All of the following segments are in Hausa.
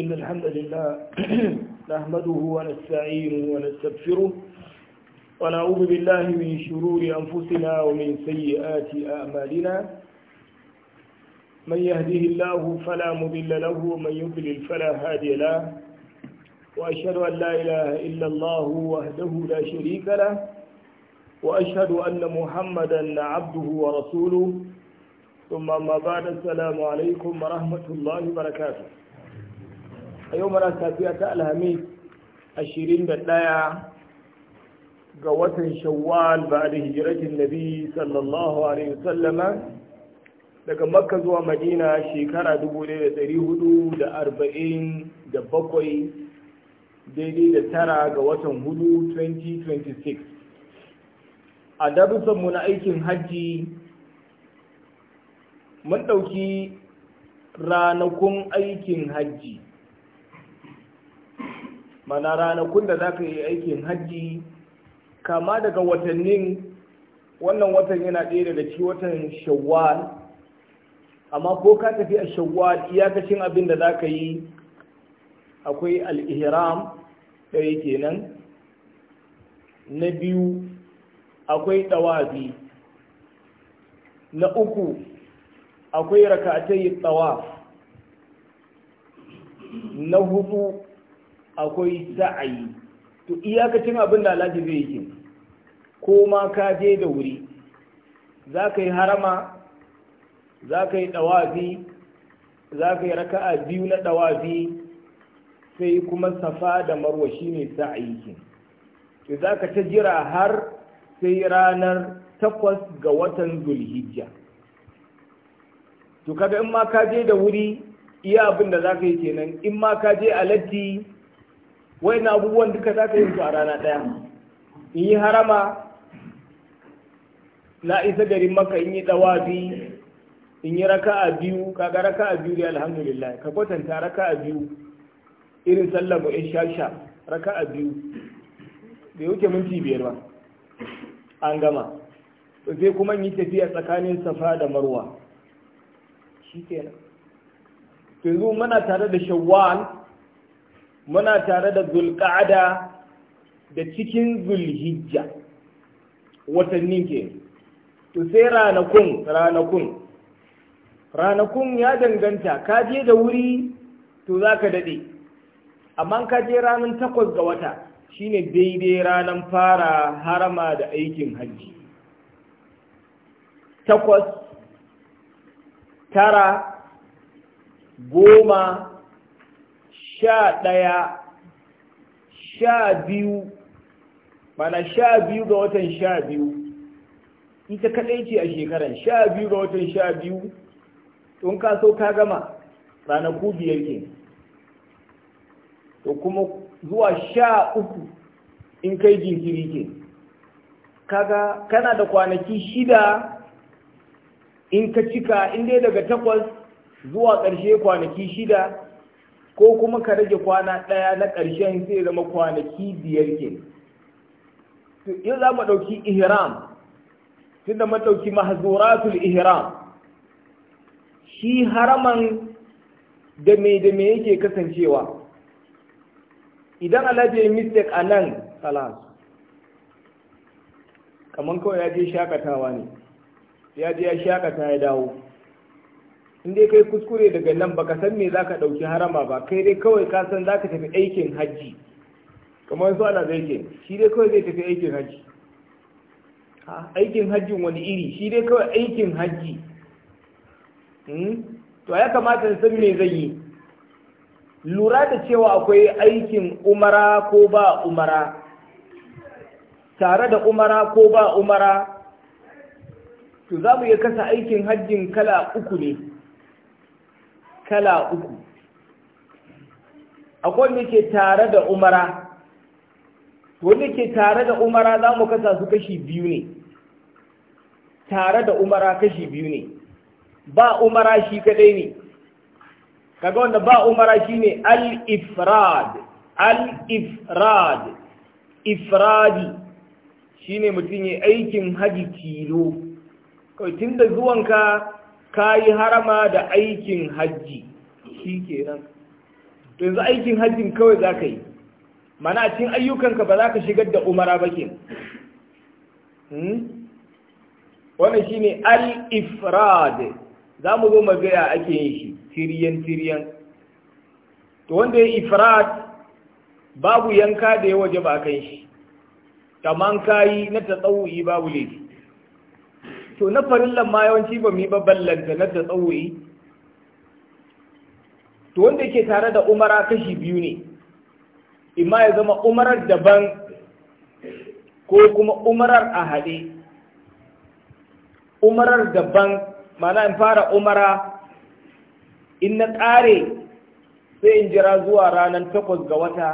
إن الحمد لله نحمده ونستعينه ونستغفره ونعوذ بالله من شرور أنفسنا ومن سيئات أعمالنا من يهده الله فلا مضل له ومن يضلل فلا هادي له وأشهد أن لا إله إلا الله وحده لا شريك له وأشهد أن محمدا عبده ورسوله ثم ما بعد السلام عليكم ورحمة الله وبركاته a yau mara safiya ta alhamis ashirin da ɗaya ga watan shawwal ba da hijiratin nabi sallallahu alaihi wasallama daga makka zuwa madina shekara dubu daidai da tara ga watan hudu 2026 a darussanmu na aikin hajji mun ɗauki ranakun aikin hajji mana ranakun da za ka yi aikin hajji kama daga watannin wannan watan yana ɗaya daga ci watan shawwal amma ko ka tafi a shawwal iyakacin abin da za ka yi akwai al'ihram ɗaya kenan na biyu akwai ɗawafi na uku akwai rakatai ɗawaf na hudu akwai sa'ayi to iyakacin abin da alhaji zai yi ko ma ka je da wuri za ka yi harama za ka yi ɗawazi, za ka yi raka'a biyu na ɗawafi sai kuma safa da marwa shi ne sa'ayi to za ka ta jira har sai ranar takwas ga watan zulhijja to kaga in ma ka je da wuri iya abin da za ka yi kenan in ma ka je a latti na abubuwan duka za ka yi su a rana ɗaya in yi harama na isa garin maka in yi biyu in yi raka a biyu kaga a biyu da alhamdulillah ka kwatanta raka a biyu irin sallar ba in shasha a biyu bai wuce minti biyar ba an gama sai kuma yi tafiya tsakanin safa da marwa shi kenan to yanzu muna tare da shawwal muna tare da zulƙa'ada da cikin zulhijja watannin ke to sai ranakun ranakun ranakun ya danganta ka je da wuri to za ka daɗe amma ka je ranar takwas ga wata shine daidai ranar fara harama da aikin hajji takwas tara goma sha ɗaya sha biyu mana sha biyu ga watan sha biyu ita kaɗai ce a shekaran sha biyu ga watan sha biyu tun ka so ka gama ranaku biyar ke to kuma zuwa sha uku in kai jinkiri ke kaga kana da kwanaki shida in ka cika in dai daga takwas zuwa ƙarshe kwanaki shida ko kuma ka rage kwana ɗaya na ƙarshen sai zama kwanaki biyar ke in za mu ɗauki ihram tun da ɗauki mahazuratul ihram shi haraman da me da me yake kasancewa idan alhaji ya mistake a nan salas kamar kawai ya je shakatawa ne ya je ya shakata ya dawo in dai kai kuskure daga nan baka san me zaka dauki harama ba kai dai kawai ka san zaka tafi aikin hajji kamar su ana zai ke shi dai kawai zai tafi aikin hajji aikin hajjin wani iri shi dai kawai aikin hajji hmm? to ya kamata san me zai yi lura da cewa akwai aikin umara ko ba umara tare da umara ko ba umara to za mu iya kasa aikin hajjin kala uku ne kala uku akwai wanda ke tare da umara wanda ke tare da umara za mu kasa su kashi biyu ne tare da umara kashi biyu ne ba umara shi kadai ne kaga wanda ba umara shi ne al-ifrad al-ifrad ifradi shi ne mutum ya aikin haji tilo kawai tun da zuwanka ka yi harama da aikin hajji shi kenan to yanzu aikin hajjin kawai za ka yi mana a cikin ayyukanka ba za ka shigar da umara ba ke hmm? wannan shi ne al-ifrad za mu zo magaya ake yin shi tiriyan-tiriyan to wanda ya ifrad babu yanka da ya waje ba kan shi ka kayi na tatsawuyi babu laifi to na farillan ma yawanci ba mu yi babban da tsawoyi to wanda yake tare da umara kashi biyu ne imma ya zama umarar daban ko kuma umarar a haɗe umarar daban mana in fara umara in na ƙare sai in jira zuwa ranar takwas ga wata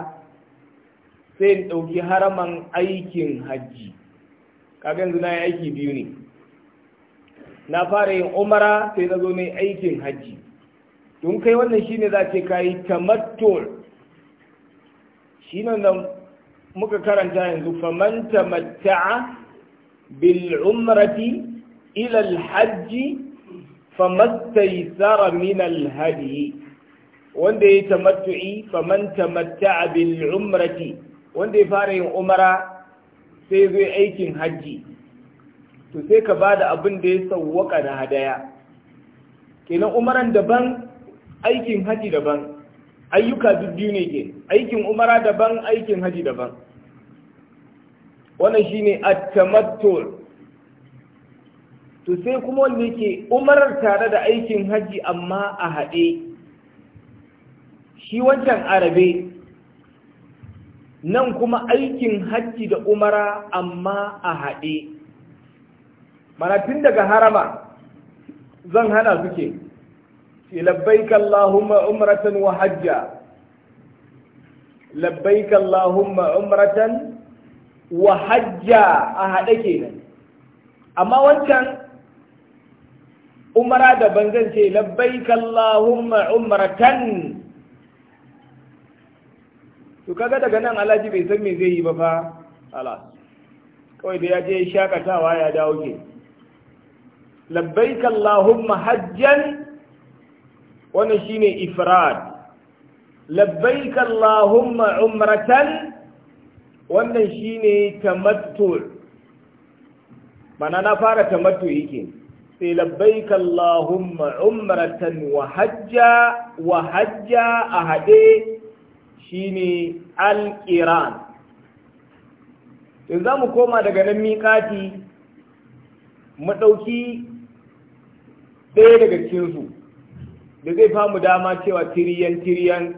sai in ɗauki haraman aikin hajji kaga yanzu na aiki biyu ne na fara yin umara sai na zo ne aikin hajji tun kai wannan shine za ce ka yi tamattul shi nan da muka karanta yanzu faman tamatta'a bil umrati ila al hajji famastaysara min al hadi wanda ya tamattu'i faman tamatta'a bil umrati wanda ya fara yin umara sai zai aikin hajji to sai ka ba da abin da ya sauwaka na hadaya kenan umaran daban aikin haji daban ayyuka duk biyu ne ke aikin umara daban aikin haji daban wannan shine at-tamattu to sai kuma wanda yake umarar tare da aikin haji amma a haɗe shi wancan arabe nan kuma aikin haji da umara amma a haɗe mana tun daga harama zan hana suke ke ce labbaika Allahumma umratan wa hajja labbaika Allahumma umratan wa hajja a haɗe kenan amma wancan umara daban zan ce labbaika Allahumma umratan to kaga daga nan alhaji bai san me zai yi ba fa ala kawai da ya je shakatawa ya dawo ke labbaik Allahumma hajjan wannan shine ifrad labbaik Allahumma umratan wannan shine tamattu mana na fara tamattu yake sai labbaik Allahumma umratan wa hajja wa hajja a hade shine al-qiran yanzu za mu koma daga nan miƙati mu ɗauki ɗaya daga cinsu da zai famu dama cewa tiriyan tiriyan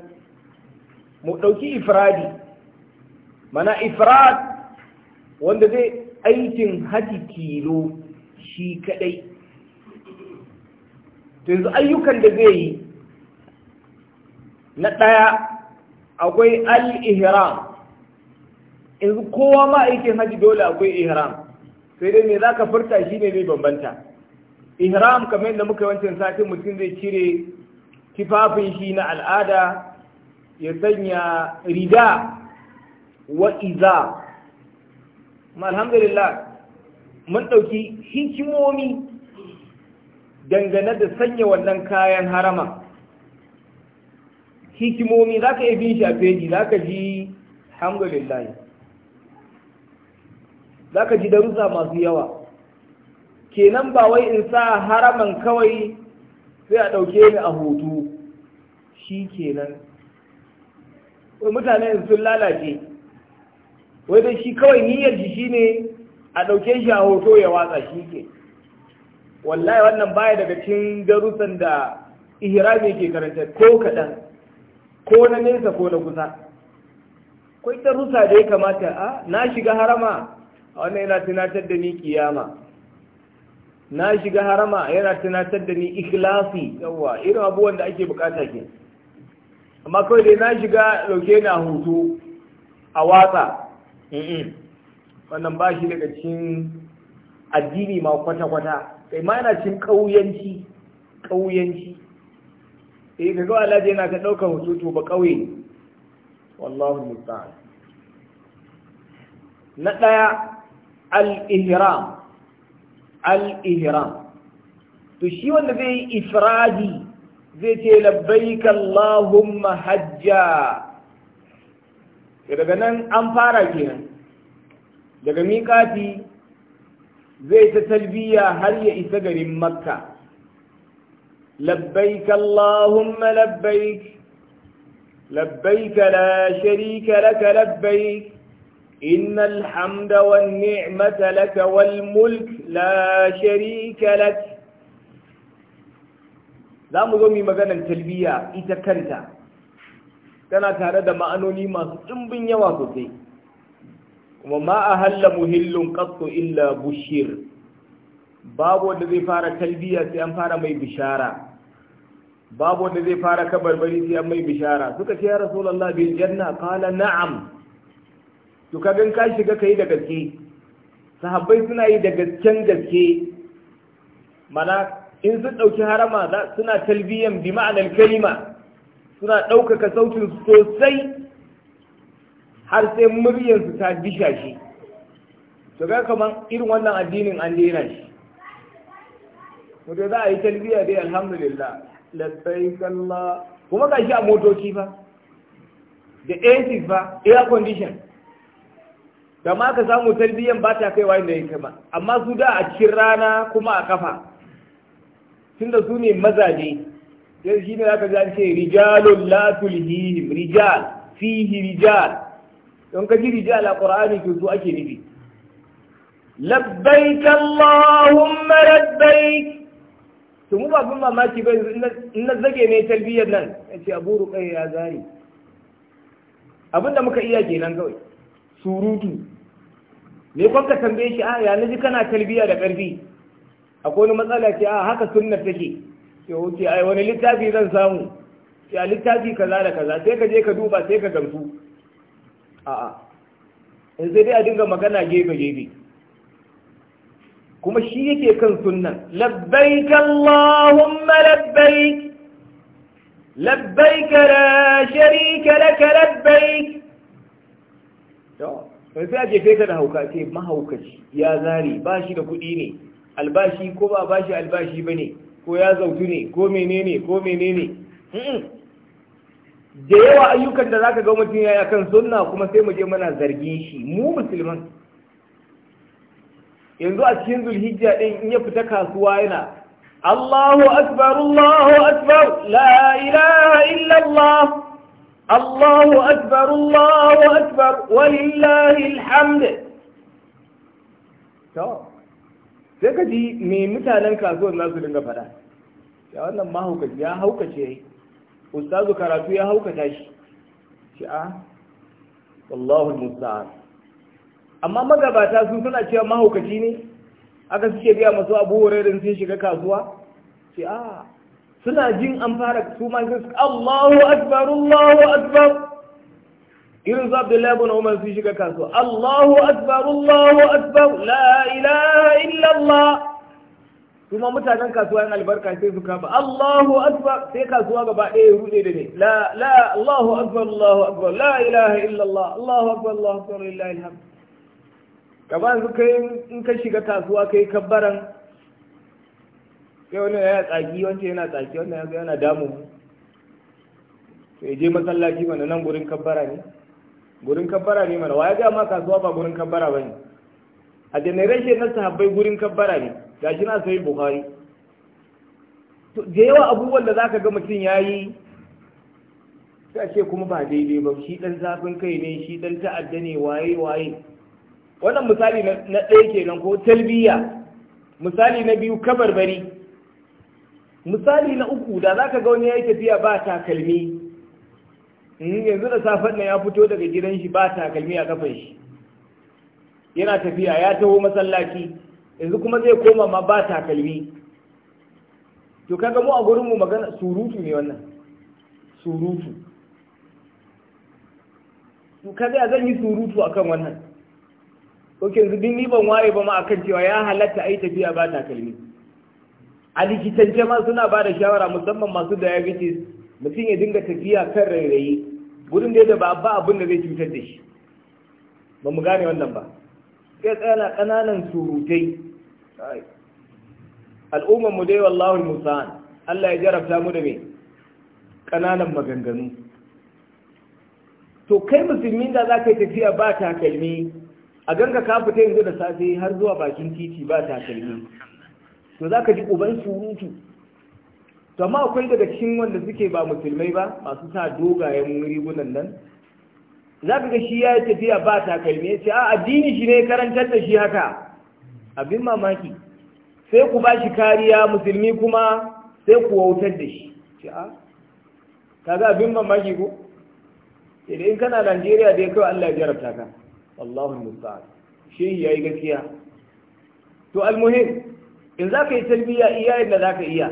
mu ɗauki ifradi mana ifrad wanda zai aikin haji kilo shi kaɗai yanzu ayyukan da zai yi na ɗaya akwai al-ihram yanzu kowa ma aikin haji dole akwai ihram sai dai me za ka furta shi ne zai bambanta ihram kamar yadda muka wancan satin mutum zai cire kifafin shi na al'ada ya sanya rida wa iza alhamdulillah mun ɗauki hikimomi dangane da sanya wannan kayan harama hikimomi za ka iya shi a feji za ka ji alhamdulillah za ka ji darussa masu yawa kenan ba wai in sa haraman kawai sai a ɗauke ni a hoto shi kenan mutane sun lalace wai dai shi kawai niyyar shi ne a ɗauke shi a hoto ya watsa shi ke wallahi wannan baya daga cikin darussan da ihrami ke karanta ko kaɗan ko na nesa ko na kusa kwai darussa da ya kamata a ah, na shiga harama a wannan yana tunatar da ni kiyama na shiga harama yana tunatar da ni ikhlasi yawa irin abubuwan da ake bukata ke amma kawai dai na shiga lauke na hutu a watsa wannan ba shi daga cikin addini ma kwata-kwata kai ma yana cikin ƙauyanci ƙauyanci eh ka ga Allah yana ta ɗaukar hutu ba ƙauye wallahu musta'an na ɗaya al-ihram الإهرام تشيو النبي إفرادي زيت لبيك اللهم حجا إذا كان أمفارا كنا إذا ميقاتي زيت تلبية هل يسجر مكة لبيك اللهم لبيك لبيك لا شريك لك لبيك إن الحمد والنعمة لك والملك لا شريك لك za mu zo mu maganar talbiya ita kanta tana tare da ma'anoni masu ɗimbin yawa sosai kuma ma a halla muhillun ƙasso illa bushir babu wanda zai fara talbiya sai an fara mai bishara babu wanda zai fara kabarbari sai an mai bishara suka ce ya rasulallah bil janna na'am to ka gan ka shiga ka da gaske sahabbai suna yi da gasken gaske mana in sun ɗauki harama suna talbiyan bi ma'anar kalima suna ɗaukaka sautin sosai har sai muryarsu ta bisha shi to ga kamar irin wannan addinin an dena shi mutu za a yi talbiya dai alhamdulillah kuma ga shi a motoci fa da AC fa air condition ma ka samu tarbiyyan ba ta kaiwa inda ya ba, amma su da a cikin rana kuma a kafa tunda su ne mazaje yanzu shi ne zaka ka ji an ce rijalun la tulhihim rijal fihi rijal don ka ji rijal a qur'ani to su ake nufi labbaik allahumma labbaik to mu ba bin mamaki ba in na zage ne talbiyar nan ya ce abu ruƙai ya zari abinda muka iya kenan kawai surutu ne kwan ka tambaye shi a ah, ya ji kana talbiya da ƙarfi akwai wani matsala ce a ah, haka sunnar take ke wuce ai wani littafi zan samu ce a littafi kaza da kaza sai ka je ka duba sai ka gamsu a'a in sai dai a dinga magana gefe gefe kuma shi yake kan sunnan labbaik allahumma labbaik labbaik la sharika laka labbaik to wani sai ake ka da hauka ce mahaukaci ya zare ba shi da kuɗi ne albashi ko ba ba shi albashi ba ne ko ya zautu ne ko menene ko menene da yawa ayyukan da zaka ga mutum yaya kan sunna kuma sai mu je mana zargi shi mu musulman yanzu a cikin zulhijja ɗin in ya fita kasuwa yana Allahu akbar Allahu akbar la ilaha illa الله أكبر الله أكبر ولله الحمد sai ka ji me mutanen kasuwar za su dinga faɗa ya wannan mahaukaci ya haukace yayi ustazu karatu ya haukata shi shi a ah, wallahu musta'an amma magabata su suna cewa mahaukaci ne aka suke biya masu abu hurairin sun shiga kasuwa shi a ah, suna jin an fara su ma sai Allahu akbar Allahu akbar irin su Abdullahi ibn Umar sun shiga kasuwa Allahu akbar Allahu akbar la ilaha illa Allah kuma mutanen kasuwa yan albarka sai su kafa Allahu akbar sai kasuwa gaba ɗaya ya rude da ne la la Allahu akbar Allahu akbar la ilaha illa Allah Allahu akbar Allahu akbar lillahi alhamd kaban su kai in ka shiga kasuwa kai kabbaran sai wani yana tsaki wancan yana tsaki wannan yanzu yana damu mu to ya je masallaci mana nan gurin kabbara ne gurin kabbara ne mana waya ga ma kasuwa ba gurin kabbara bane a generation na sahabbai gurin kabbara ne gashi na sai bukhari to da yawa abubuwan da zaka ga mutum yayi sai ce kuma ba daidai ba shi dan zafin kai ne shi dan ta'adda ne waye waye wannan misali na ɗaya kenan ko talbiya misali na biyu kabarbari misali na uku da za ka ga wani ya yi tafiya ba takalmi hmm, yanzu da safen nan ya fito daga gidan shi ba takalmi a kafin shi yana tafiya ya taho masallaci yanzu kuma zai koma ma ba takalmi to kaga mu a gurinmu magana surutu ne wannan surutu to kaga zan yi surutu akan wannan ok yanzu din ni ban waye ba ma akan cewa ya halatta a yi tafiya ba takalmi a likitance ma suna ba da shawara musamman masu diabetes mutum ya dinga tafiya kan rairayi gudun da ba ba abin da zai cutar da shi ba mu gane wannan ba sai na ƙananan surutai al'ummar mu dai wallahi musa'an Allah ya jarabta mu da me ƙananan maganganu to kai musulmi da za ka yi tafiya ba takalmi a ganka ka fita yanzu da safe har zuwa bakin titi ba takalmi to za ka ji uban surutu to amma akwai daga cikin wanda suke ba musulmai ba masu sa dogayen rigunan nan za ka ga shi ya yi tafiya ba takalmi ya ce a addini shi ne karantar da shi haka abin mamaki sai ku ba shi kariya musulmi kuma sai ku wautar da shi ce a ga abin mamaki ko idan in kana Najeriya dai kawai Allah ya jarabta ka Allahu musta'an shehi yi gaskiya to almuhim in za ka yi talbiya iya yadda za ka iya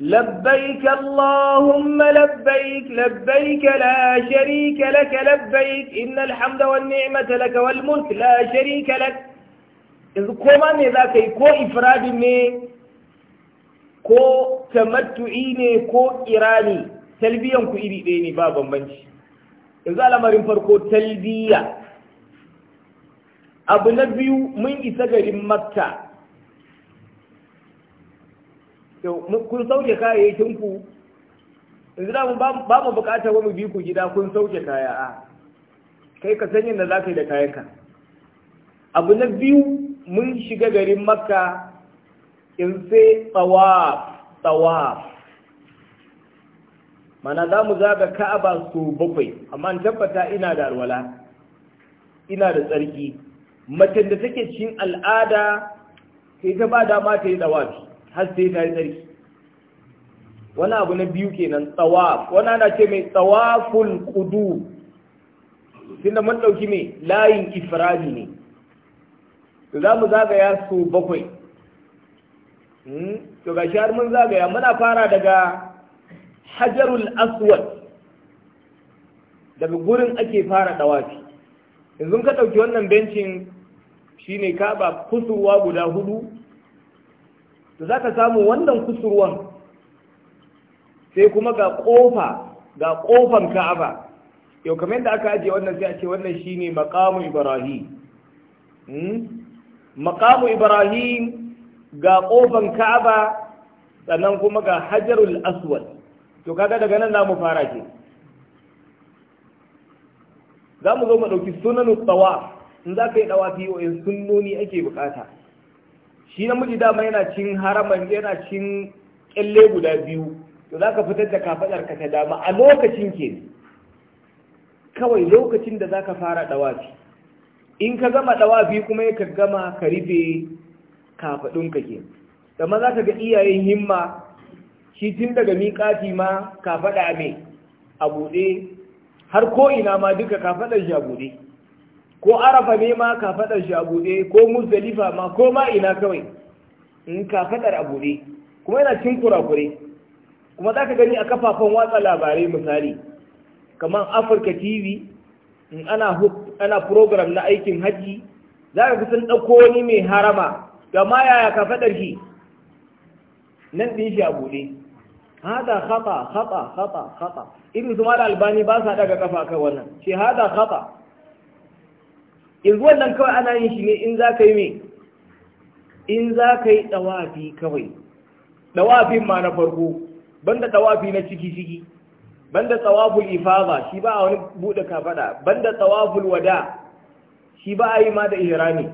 labbaik Allahumma labbaik labbaik la sharika laka labbaik innal hamda wan ni'mata laka wal la sharika lak yanzu ko za ka yi ko ifradin ne ko tamattu'i ne ko irani talbiyan ku iri ɗaya ne ba bambanci yanzu alamarin farko talbiya abu na biyu mun isa garin makka kun sauke kayayyakin ku yanzu da ba mu bukatar wani bi ku gida kun sauke kaya a kai ka san yadda za ka yi da kayanka abu na biyu mun shiga garin makka in sai tsawaf tsawaf mana za mu zaga ka'aba su bakwai amma tabbata ina da alwala ina da tsarki macen da take cikin al'ada sai ta ba dama ta yi tsawafi har sai ta yi tsarki wani abu na biyu kenan tsawaf wani ana ce mai tsawaful kudu da mun ɗauki mai layin ifradi ne to za mu zagaya su bakwai hmm? to ga har mun zagaya muna fara daga hajarul aswad daga gurin ake fara tsawafi. yanzu ka ɗauki wannan bencin shine kaba kusurwa guda hudu to za ka samu wannan kusurwan sai kuma ga kofa ga ƙofan ka'aba yau kamar yadda aka ajiye wannan sai a ce wannan shine maqamu ibrahim hmm? maqamu ibrahim ga ƙofan ka'aba sannan kuma ga hajarul aswad to kaga daga nan za mu fara ke za mu zo mu ɗauki sunan tsawa in za ka yi ɗawa wa'in sunnoni ake bukata shi namiji dama yana cin haraman yana cin kyalle guda biyu to za ka fitar da kafaɗar ka ta dama a lokacin ke kawai lokacin da za ka fara ɗawafi in ka gama ɗawafi kuma ya gama ka rufe kafaɗunka ke amma za ka ga iyayen himma shi tun daga miƙati ma kafaɗa mai a buɗe har ko'ina ma duka kafaɗar shi a buɗe ko arafa ne ma ka faɗar shi a buɗe ko muzdalifa ma ko ma ina kawai in ka faɗar a buɗe kuma yana cin kurakure kuma za ka gani a kafafen watsa labarai misali kamar afirka tv in ana ana program na aikin hajji za ka kusan ɗauko wani mai harama gama yaya ka faɗar shi nan ɗin shi a buɗe hada khata khata khata khata irin su da albani ba sa daga kafa kan wannan shi hada khata yanzu wannan kawai ana yin shi ne in za ka yi mai in za ka yi ɗawafi kawai ɗawafin ma na farko banda ɗawafi na ciki-ciki banda tsawaful ifaba shi ba a wani buɗe kafaɗa banda tsawaful wada shi ba a yi ma da ihrami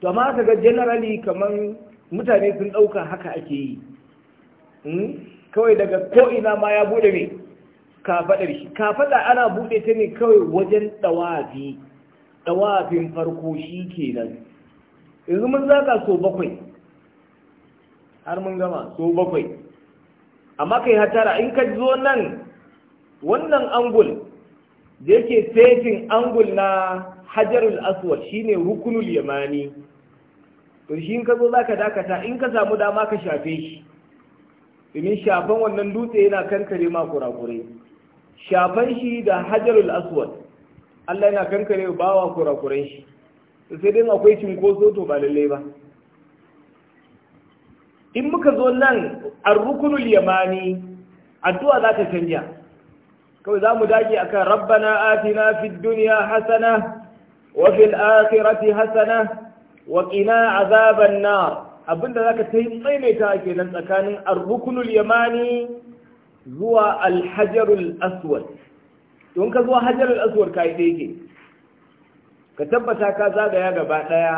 to amma ka ga generally kaman mutane sun ɗauka haka ake yi hmm? kawai daga ko'ina ma ya buɗe ne kafaɗar shi kafaɗa ana buɗe ta ne kawai wajen ɗawafi ɗawafin farko shi kenan yanzu mun zaka so bakwai har mun gama so bakwai amma kai hatara in ka zo nan wannan angul da yake setin angul na hajarul aswad shine rukunul yamani to shi in ka zo zaka dakata in ka samu dama ka shafe shi domin shafan wannan dutse yana kankare ma kurakure shafan shi da hajarul aswad Allah yana kankare bawa kurakurai shi sai dai akwai cinkoso to ba lallai ba in muka zo nan a rukunul yamani addu'a za ta canja kawai za mu dage akan rabbana atina fid dunya hasana wa fil akhirati hasana wa qina azaban nar abinda zaka tayi maimaita kenan tsakanin ar-rukunul yamani zuwa al-hajarul aswad don ka zo hajjarar aswar ka yi ɗaya ka tabbata ka zagaya gaba ɗaya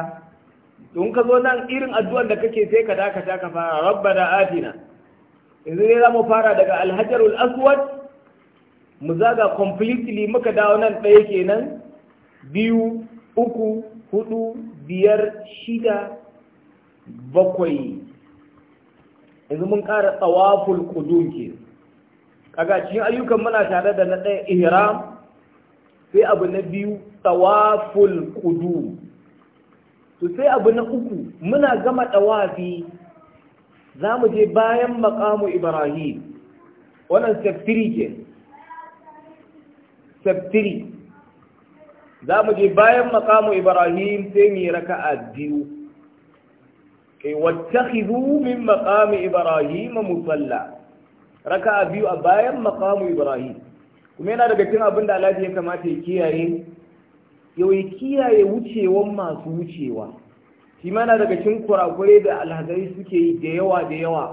don ka zo nan irin addu'ar da kake sai ka dakata ka fara rabba da atina yanzu ne za mu fara daga alhajarul aswad mu zaga completely muka dawo nan ɗaya kenan biyu uku hudu biyar shida bakwai yanzu mun ƙara tsawaful kudum kenan kaga cikin ayyukan muna tare da na ɗaya ihram sai abu na biyu tawaful kudu to sai abu na uku muna gama tawafi za mu je bayan makamu ibrahim wannan seftiri ke seftiri za mu je bayan makamu ibrahim sai mu yi a biyu kai wata min makamu ibrahim musalla raka biyu a bayan makamu ibrahim kuma yana daga cikin abin da alhaji ya kamata ya kiyaye yau ya kiyaye wucewan masu wucewa shi ma yana daga cikin kurakure da alhazari suke yi da yawa da yawa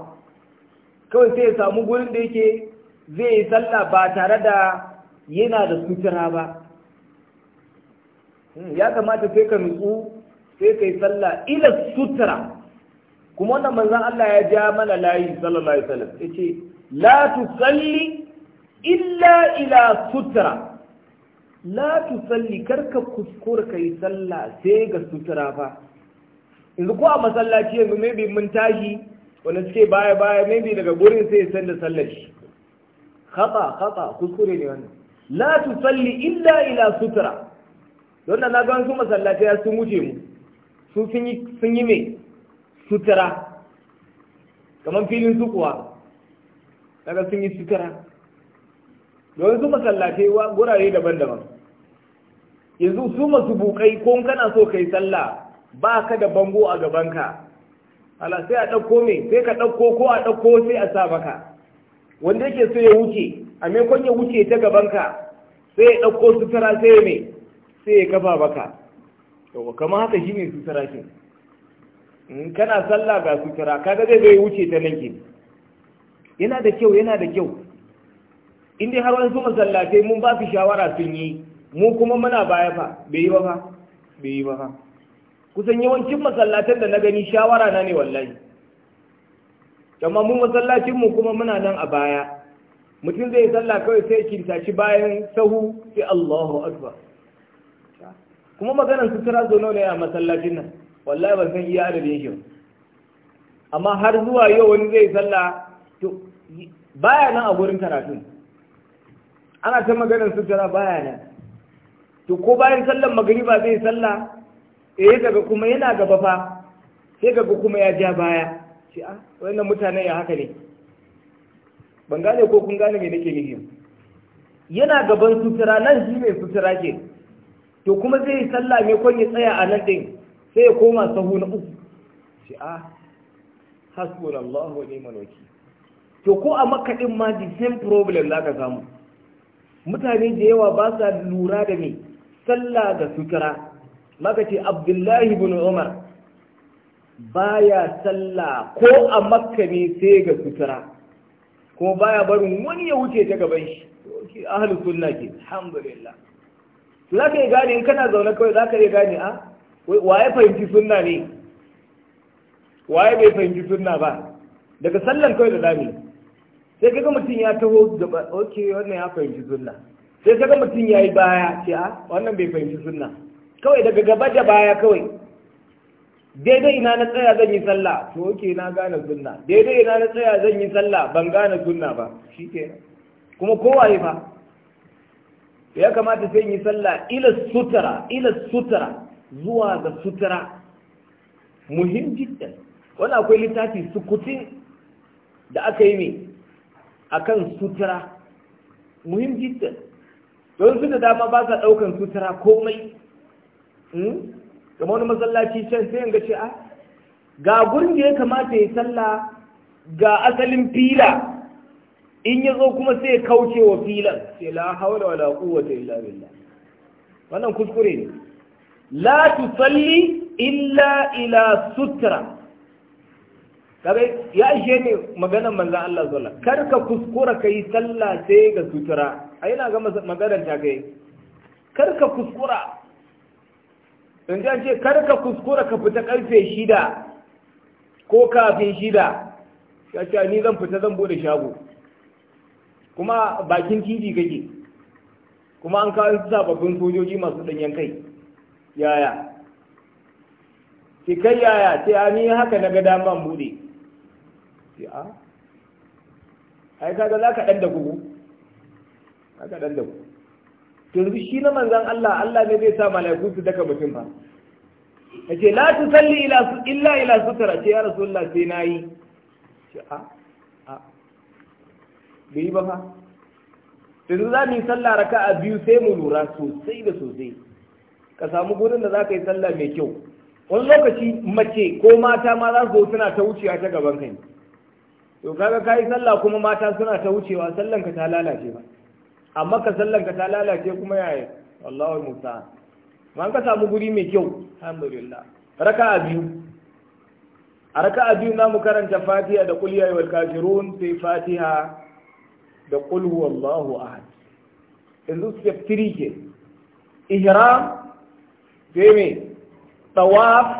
kawai sai ya samu gurin da yake zai yi sallah ba tare da yana da sutura ba hmm, ya kamata sai ka nutsu sai ka yi sallah ila sutura kuma wannan manzan Allah ya ja mana layi sallallahu alaihi wasallam ya ce la tusalli illa ila sutura la tusalli karka kuskura kai sallah sai ga sutura fa yanzu ko a masallaci yanzu maybe mun tashi wanda suke baya baya maybe daga gurin sai ya da sallar shi khata khata kuskure ne wannan la tusalli illa ila sutura don na ga su masallaci sun wuce mu su sun yi me sutura kamar filin su kuwa daga sun yi sutura domin su masallatai gurare daban-daban yanzu su masu bukai ko kana so kai sallah ba ka da bango a gabanka ala sai a ɗauko mai sai ka ɗauko ko a ɗauko sai a sa maka wanda yake so ya wuce a maimakon ya wuce ta gabanka sai ya ɗauko sutura sai mai sai ya kafa maka yau kamar haka shi ne sutura shi in kana sallah ga sutura kaga zai zai wuce ta nan ke yana da kyau yana da kyau inda har har wasu masallatai mun ba su shawara sun yi mu kuma muna baya fa bai yi ba fa bai yi ba fa kusan yawancin masallatan da na gani shawara na ne wallahi amma mu masallacin mu kuma muna nan a baya mutum zai sallah kawai sai tashi bayan sahu sai Allahu akbar kuma maganar sutura zo nawa ne a masallacin nan wallahi ban san iya adadin shi amma har zuwa yau wani zai sallah baya nan a gurin karatun ana ta maganar sutura baya nan to ko bayan sallan magariba zai sallah eh daga kuma yana gaba fa sai kaga kuma ya ja baya ce a ah, wannan mutanen ya haka ne ban gane ko kun gane me nake nufi yana gaban sutura nan shi mai sutura ke to kuma zai yi sallah mai kwan ya tsaya a nan din sai ya koma sahu na uku ce a ah, hasbunallahu wa ni'mal wakil to ko a makaɗin ma the same problem za ka samu mutane da yawa ba sa lura da me sallah ga sutura maka ce abdullahi bin umar baya sallah ko a makka ne sai ga sutura ba baya barin wani ya wuce ta gaban shi ahalin sunna ke alhamdulillah to ka iya gane in kana zaune kawai za ka iya gane a ah, waye fahimci sunna ne waye bai fahimci sunna ba daga sallan kawai da zamani sai kaga mutum ya taho gaba ok wannan ya fahimci sunna sai kaga mutum ya yi baya ce a ah, wannan bai fahimci sunna kawai daga gaba da baya kawai daidai ina na tsaya zan yi sallah to ok na gane sunna daidai ina na tsaya zan yi sallah ban gane sunna ba shi ke kuma kowa ya fa ya kamata sai yi sallah ila sutura ila sutura zuwa ga sutura muhim jiddan wani akwai littafi sukutin da aka yi mai akan sutura muhim don su da dama ba sa ɗaukan sutura komai hmm? kamar wani masallaci can sai yanga ce a ah, ga gurin da ya kamata ya sallah ga asalin fila in ya zo kuma sai ya kauce wa filan sai la hawla wala quwwata illa billah wannan kuskure ne la tusalli illa ila sutra kaga ya ishe ne maganar manzan Allah zuwa kar ka kuskura ka yi sallah sai ga sutura a na ga maganar ta kai kar ka kuskura in ji an ce kar ka kuskura ka fita karfe shida ko kafin shida ya ce ni zan fita zan bude shago kuma bakin titi kake kuma an kawo sababbin sojoji masu danyen kai yaya ki kai yaya sai ni haka na ga daman bude ce a ah, ai kaga za ka ɗan da gugu za ka ɗan da gugu yanzu shi na manzan Allah Allah ne zai sa mala'iku su daka mutum ba ya ce la tu salli illa ila sutura ce ya rasulullah sai na yi ce a ah, a ah, bai yi ba fa yanzu za mu yi sallah raka a biyu sai mu lura sosai da sosai ka samu gurin da za ka yi sallah mai kyau wani lokaci mace ko mata ma za su zo suna ta wucewa ta gaban kai to kaga kai sallah kuma mata suna ta wucewa sallan ka ta lalace ba amma ka sallan ka ta lalace kuma yaya wallahi musa man ka samu guri mai kyau alhamdulillah raka'a biyu a raka'a biyu namu karanta fatiha da qul ya ayyuhal kafirun sai fatiha da qul huwallahu ahad yanzu step 3 ke ihram sai me tawaf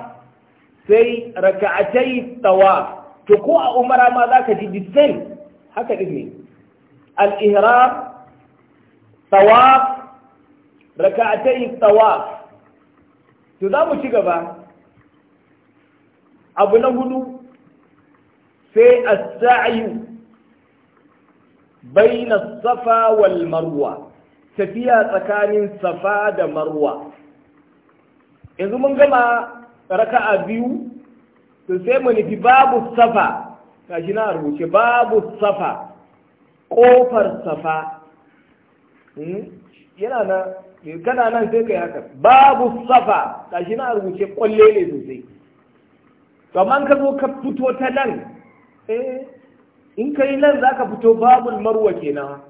sai raka'atai tawaf to ko a umara ma za ka ji disdain haka din ne al tawaf raka'atai tawaf to za mu ci gaba abu na hudu sai a sayu baina safa wal marwa tafiya tsakanin safa da marwa yanzu mun gama raka'a biyu to sai mu nufi babu safa kashi na rubuce babu safa ƙofar safa hmm? yana nan kana nan sai kai haka babu safa kashi na rubuce kwalle ne sosai Kamar ka zo ka fito ta nan eh in ka yi nan za ka fito babul marwa kenan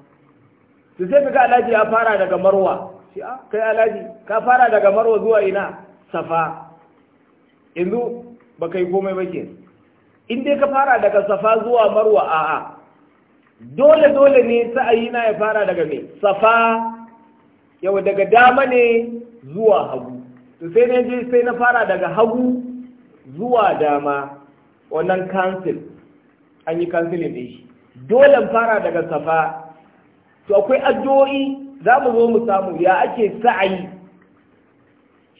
su sai ka alaji ya fara daga marwa shi a ah, kai alaji ka fara daga marwa zuwa ina safa yanzu ba kai komai ba ke in dai ka fara daga safa zuwa marwa a'a dole dole ne sa'ayi na ya fara daga mai. safa yau daga dama ne zuwa hagu to sai na je sai na fara daga hagu zuwa dama wannan kansil, an yi cancelin ne shi dole fara daga safa to akwai addu'o'i za mu zo mu samu ya ake sa'ayi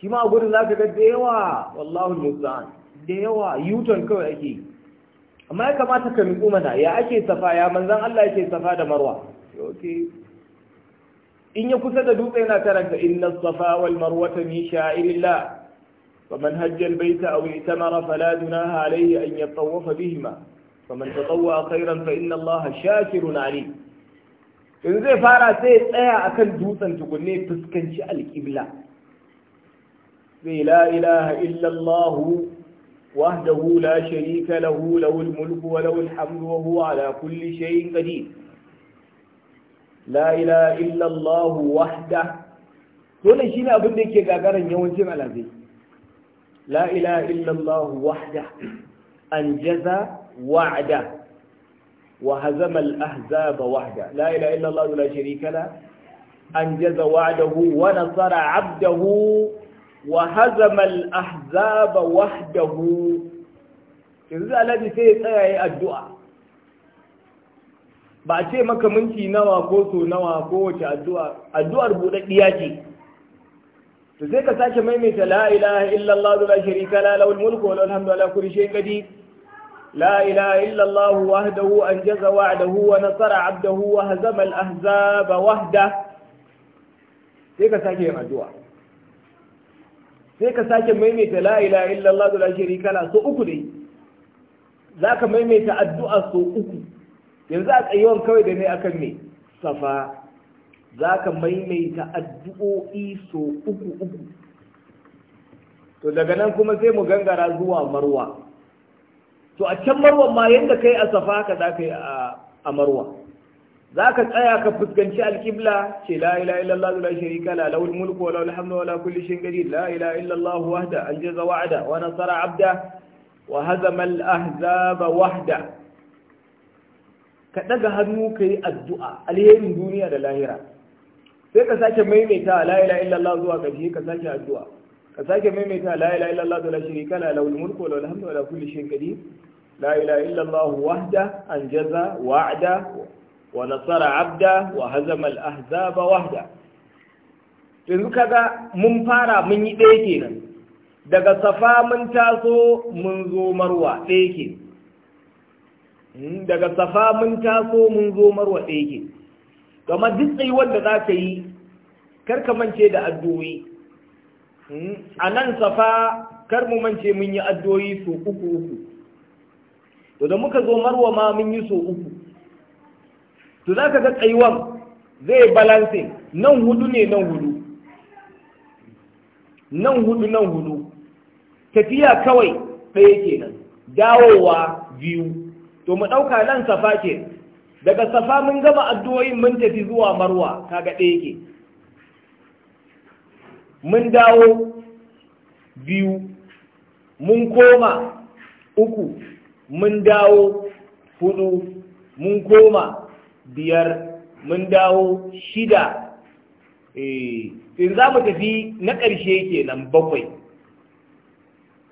shi ma a gurin za ka ga da yawa wallahu musta'an da yawa yuton kawai ake yi amma ya kamata ka miƙo mana ya ake safa ya manzan Allah yake safa da marwa in ya kusa da dutse yana karanta inna safa wal marwata min sha'irillah فمن هج البيت أو ائتمر فلا جناها عليه أن يطوف بهما فمن تطوع fa inna Allah شاكر عليم in zai fara sai tsaya a kan dutsen tukunne fuskanci alƙibla zai la ilaha illallahu وحده لا شريك له له الملك وله الحمد وهو على كل شيء قدير لا إله إلا الله وحده هنا شنا أبن ديكي قاقرا يوم جمع لا إله إلا الله وحده أنجز وعده وهزم الأحزاب وحده لا إله إلا الله لا شريك له أنجز وعده ونصر عبده wa hazama al-ahzaba wahdahu yanzu alhaji sai ya tsaya yi addu'a ba a ce maka minti nawa ko so nawa ko wace addu'a addu'ar buɗaɗɗiya ce to sai ka sake maimaita la ilaha illallah la sharika la lahul mulku wa lahul Kuri ala kulli la ilaha illallah wahdahu anjaza wa'dahu wa nasara 'abdahu wa hazama al-ahzaba wahda sai ka sake yin addu'a sai ka sake maimaita la ilaha illallah da lashiri kana so uku dai za ka maimaita addu'a so uku yanzu a tsayuwan kawai da ne akan ne safa za ka maimaita addu'o'i so uku uku to daga nan kuma sai mu gangara zuwa marwa to a can Marwa ma yadda kai a safa ka za ka yi a marwa za ka tsaya ka fuskanci alƙibla ce la ila illallah la sharika la lahul wa lahul hamdu wa la kulli shay'in qadir la ila illallah wahda anjaza wa'ada wa nasara 'abda wa hazama al-ahzaba wahda ka daga hannu addu'a alherin duniya da lahira sai ka sake maimaita la ila illallah zuwa ka sake addu'a ka sake maimaita la ila illallah la sharika la lahul wa lahul hamdu wa la kulli shay'in qadir la ila illallah wahda anjaza wa'ada wa nasara abda wa hazama al-ahzaba wahda yanzu kaga mun fara mun yi ɗaya kenan daga safa mun taso mun zo marwa ɗaya ke hmm, daga safa mun taso mun zo marwa ɗaya ke kama duk tsayuwar da za ka yi karka mance da addu'o'i hmm, a nan safa kar mu mance mun yi addu'o'i so uku uku to da muka zo marwa ma mun yi so uku to za ka ga tsayuwan zai balansi nan hudu ne nan hudu nan hudu nan hudu tafiya kawai ɗaya kenan dawowa biyu to mu ɗauka nan safa ke daga safa mun gama addu'o'in mun tafi zuwa marwa kaga ɗaya ke mun dawo biyu mun koma uku mun dawo hudu mun koma biyar mun dawo shida eh, in za mu tafi na ƙarshe kenan bakwai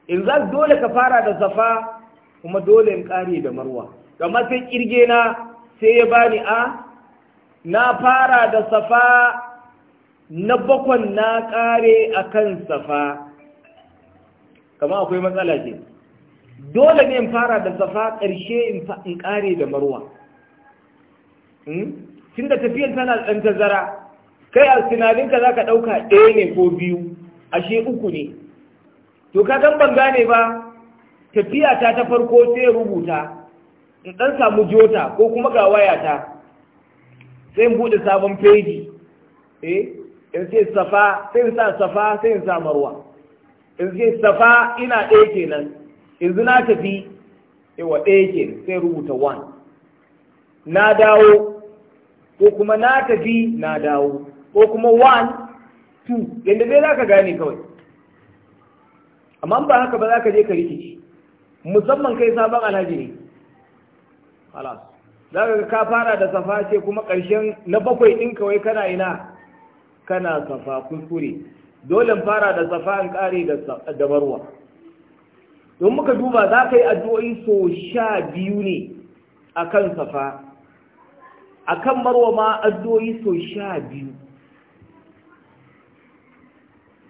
in za dole ka fara da safa kuma dole in ƙare da marwa amma sai ƙirge na sai ya bani a na fara da safa na bakwan na ƙare a kan safa kama akwai matsala ce dole ne in fara da safa ƙarshe in ƙare da marwa Hmm? da tafiyar tana ɗan tazara kai a tunaninka za ka ɗauka ɗaya ne ko biyu ashe uku ne to ka gan ban gane ba tafiya ta ta farko sai rubuta in ɗan samu jota ko kuma ga wayata sai in buɗe sabon feji eh in sai safa sai in sa safa sai in sa marwa in sai safa ina ɗaya kenan yanzu na tafi yawa ɗaya kenan sai rubuta one na dawo ko kuma na tafi na dawo ko kuma one two yadda zai za ka gane kawai amma ba haka ba za ka je ka rikici musamman kai sabon alhaji ne za ka ka fara da safa ce kuma ƙarshen na bakwai ɗin kawai kana ina kana safa kuskure dole fara da safa an ƙare da barwa don muka duba za ka yi addu'o'i so sha biyu ne a kan safa akan marwa ma addu'o'i so sha biyu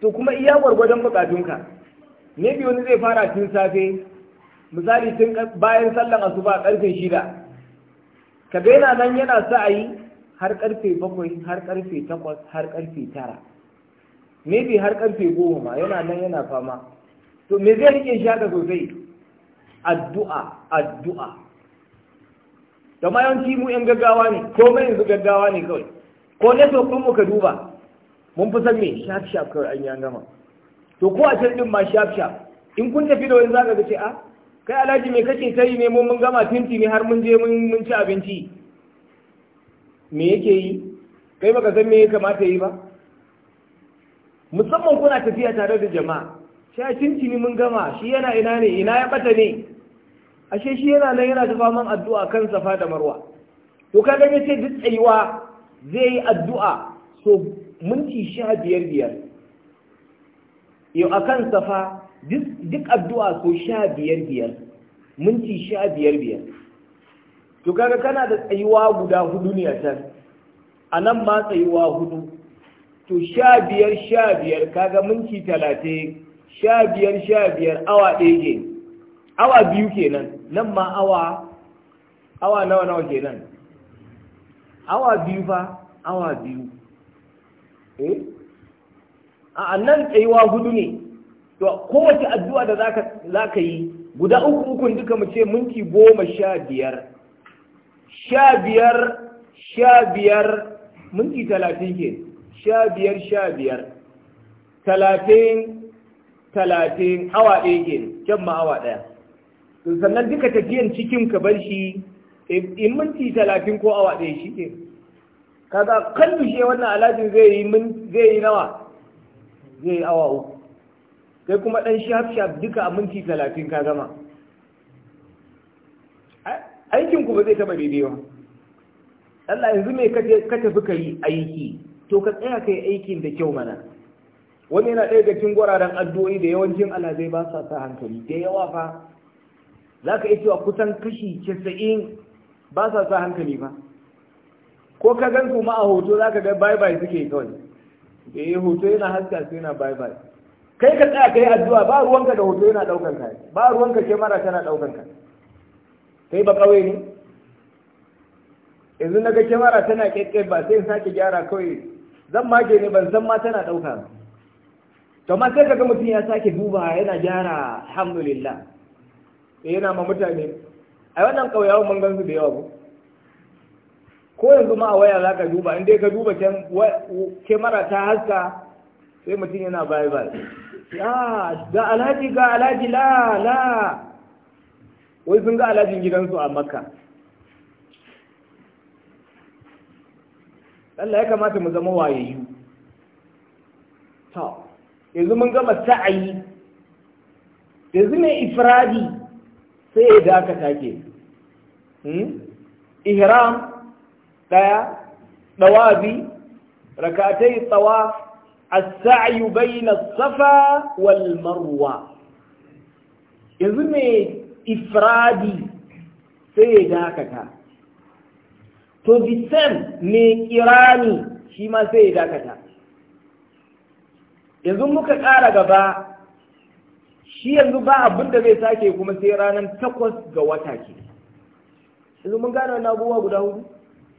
to kuma iya gwargwadon bukatunka ne bi wani zai fara tun safe misali tun bayan sallan asuba karfe shida ka yana nan yana yi har karfe bakwai har karfe takwas har karfe tara maybe har karfe goma ma yana nan yana fama to me zai rike shaka sosai addu'a addu'a da ma yawanci mu yan gaggawa ne ko mai yanzu gaggawa ne kawai ko ne ɗin mu ka duba mun fi san me sharp sharp kawai an yi gama to ko a can din ma sharp sharp in kun tafi da wani zaka ga ce a ah, kai alhaji me kake ta yi ne mun gama tinti ne har mun je mun ci abinci me yake yi kai baka san me ya kamata yi ba musamman kuna tafiya tare da jama'a sai a cincini mun gama shi yana ina ne ina ya bata ne ashe shi yana nan yana tafa man addu'a kan safa da marwa to kaga ne sai duk tsayuwa zai yi addu'a so minti sha biyar biyar yau a kan safa duk addu'a so sha biyar biyar minti sha biyar biyar to kaga kana da tsayuwa guda hudu ne a can a nan ma tsayuwa hudu to sha biyar sha biyar kaga minti talatin sha biyar sha biyar awa ɗaya ke awa biyu kenan nan ma awa awa nawa nawa kenan awa biyu fa awa biyu eh a nan tsayuwa hudu ne to kowace addu'a da za ka yi guda uku ukun duka mu ce minti goma sha biyar sha biyar sha biyar minti talatin ke sha biyar sha biyar talatin talatin awa ɗaya ke can ma awa ɗaya sannan duka tafiyan cikin ka bar shi eh, in minti talatin ko awa ɗaya shi ke kaga kan dushe wannan alajin zai yi zai yi nawa zai yi awa uku sai kuma ɗan shaf shaf duka a minti talatin ka gama aikin ku ba zai taɓa daidai ba Allah yanzu mai ka tafi ka yi aiki to ka tsaya ka yi aikin da kyau mana wani yana ɗaya ga cikin gwararen addu'o'i da yawancin alhazai ba sa sa hankali da yawa fa za ka iya kusan kashi casa'in ba sa sa hankali ba ko ka gan kuma a hoto za ka ga bye-bye suke kawai da eh, yi hoto yana haska su yana bye-bye kai ka tsaya yi addu'a ba ruwanka da hoto yana daukan ka ba ruwanka ke mara tana daukan ka kai ba kawai ne yanzu na ga kyamara tana ƙeƙe ba sai sake gyara kawai zan mage ne ban san ma tana ɗauka ba to ma sai kaga mutum ya sake duba yana gyara alhamdulillah da eh, yana ma mutane a wannan ƙauyawan mun su da yawa ba. ko yanzu ma a waya za ka duba in dai ka duba can mara ta haska sai mutum yana bye ba ya ga alhaji ga alhaji la la wai sun ga alhajin gidansu a makka Allah ya kamata mu zama wayayyu to yanzu mun gama sa'ayi yanzu ne ifradi sai ya da aka take ihram daya dawabi rakatai tsawa as-sa'yu bayna safa wal marwa yanzu ne ifradi sai ya dakata to the same me kirani shi ma sai ya dakata yanzu muka kara gaba shi yanzu ba abin da zai sake kuma sai ranar takwas ga wata ke yanzu mun gane wani abubuwa guda hudu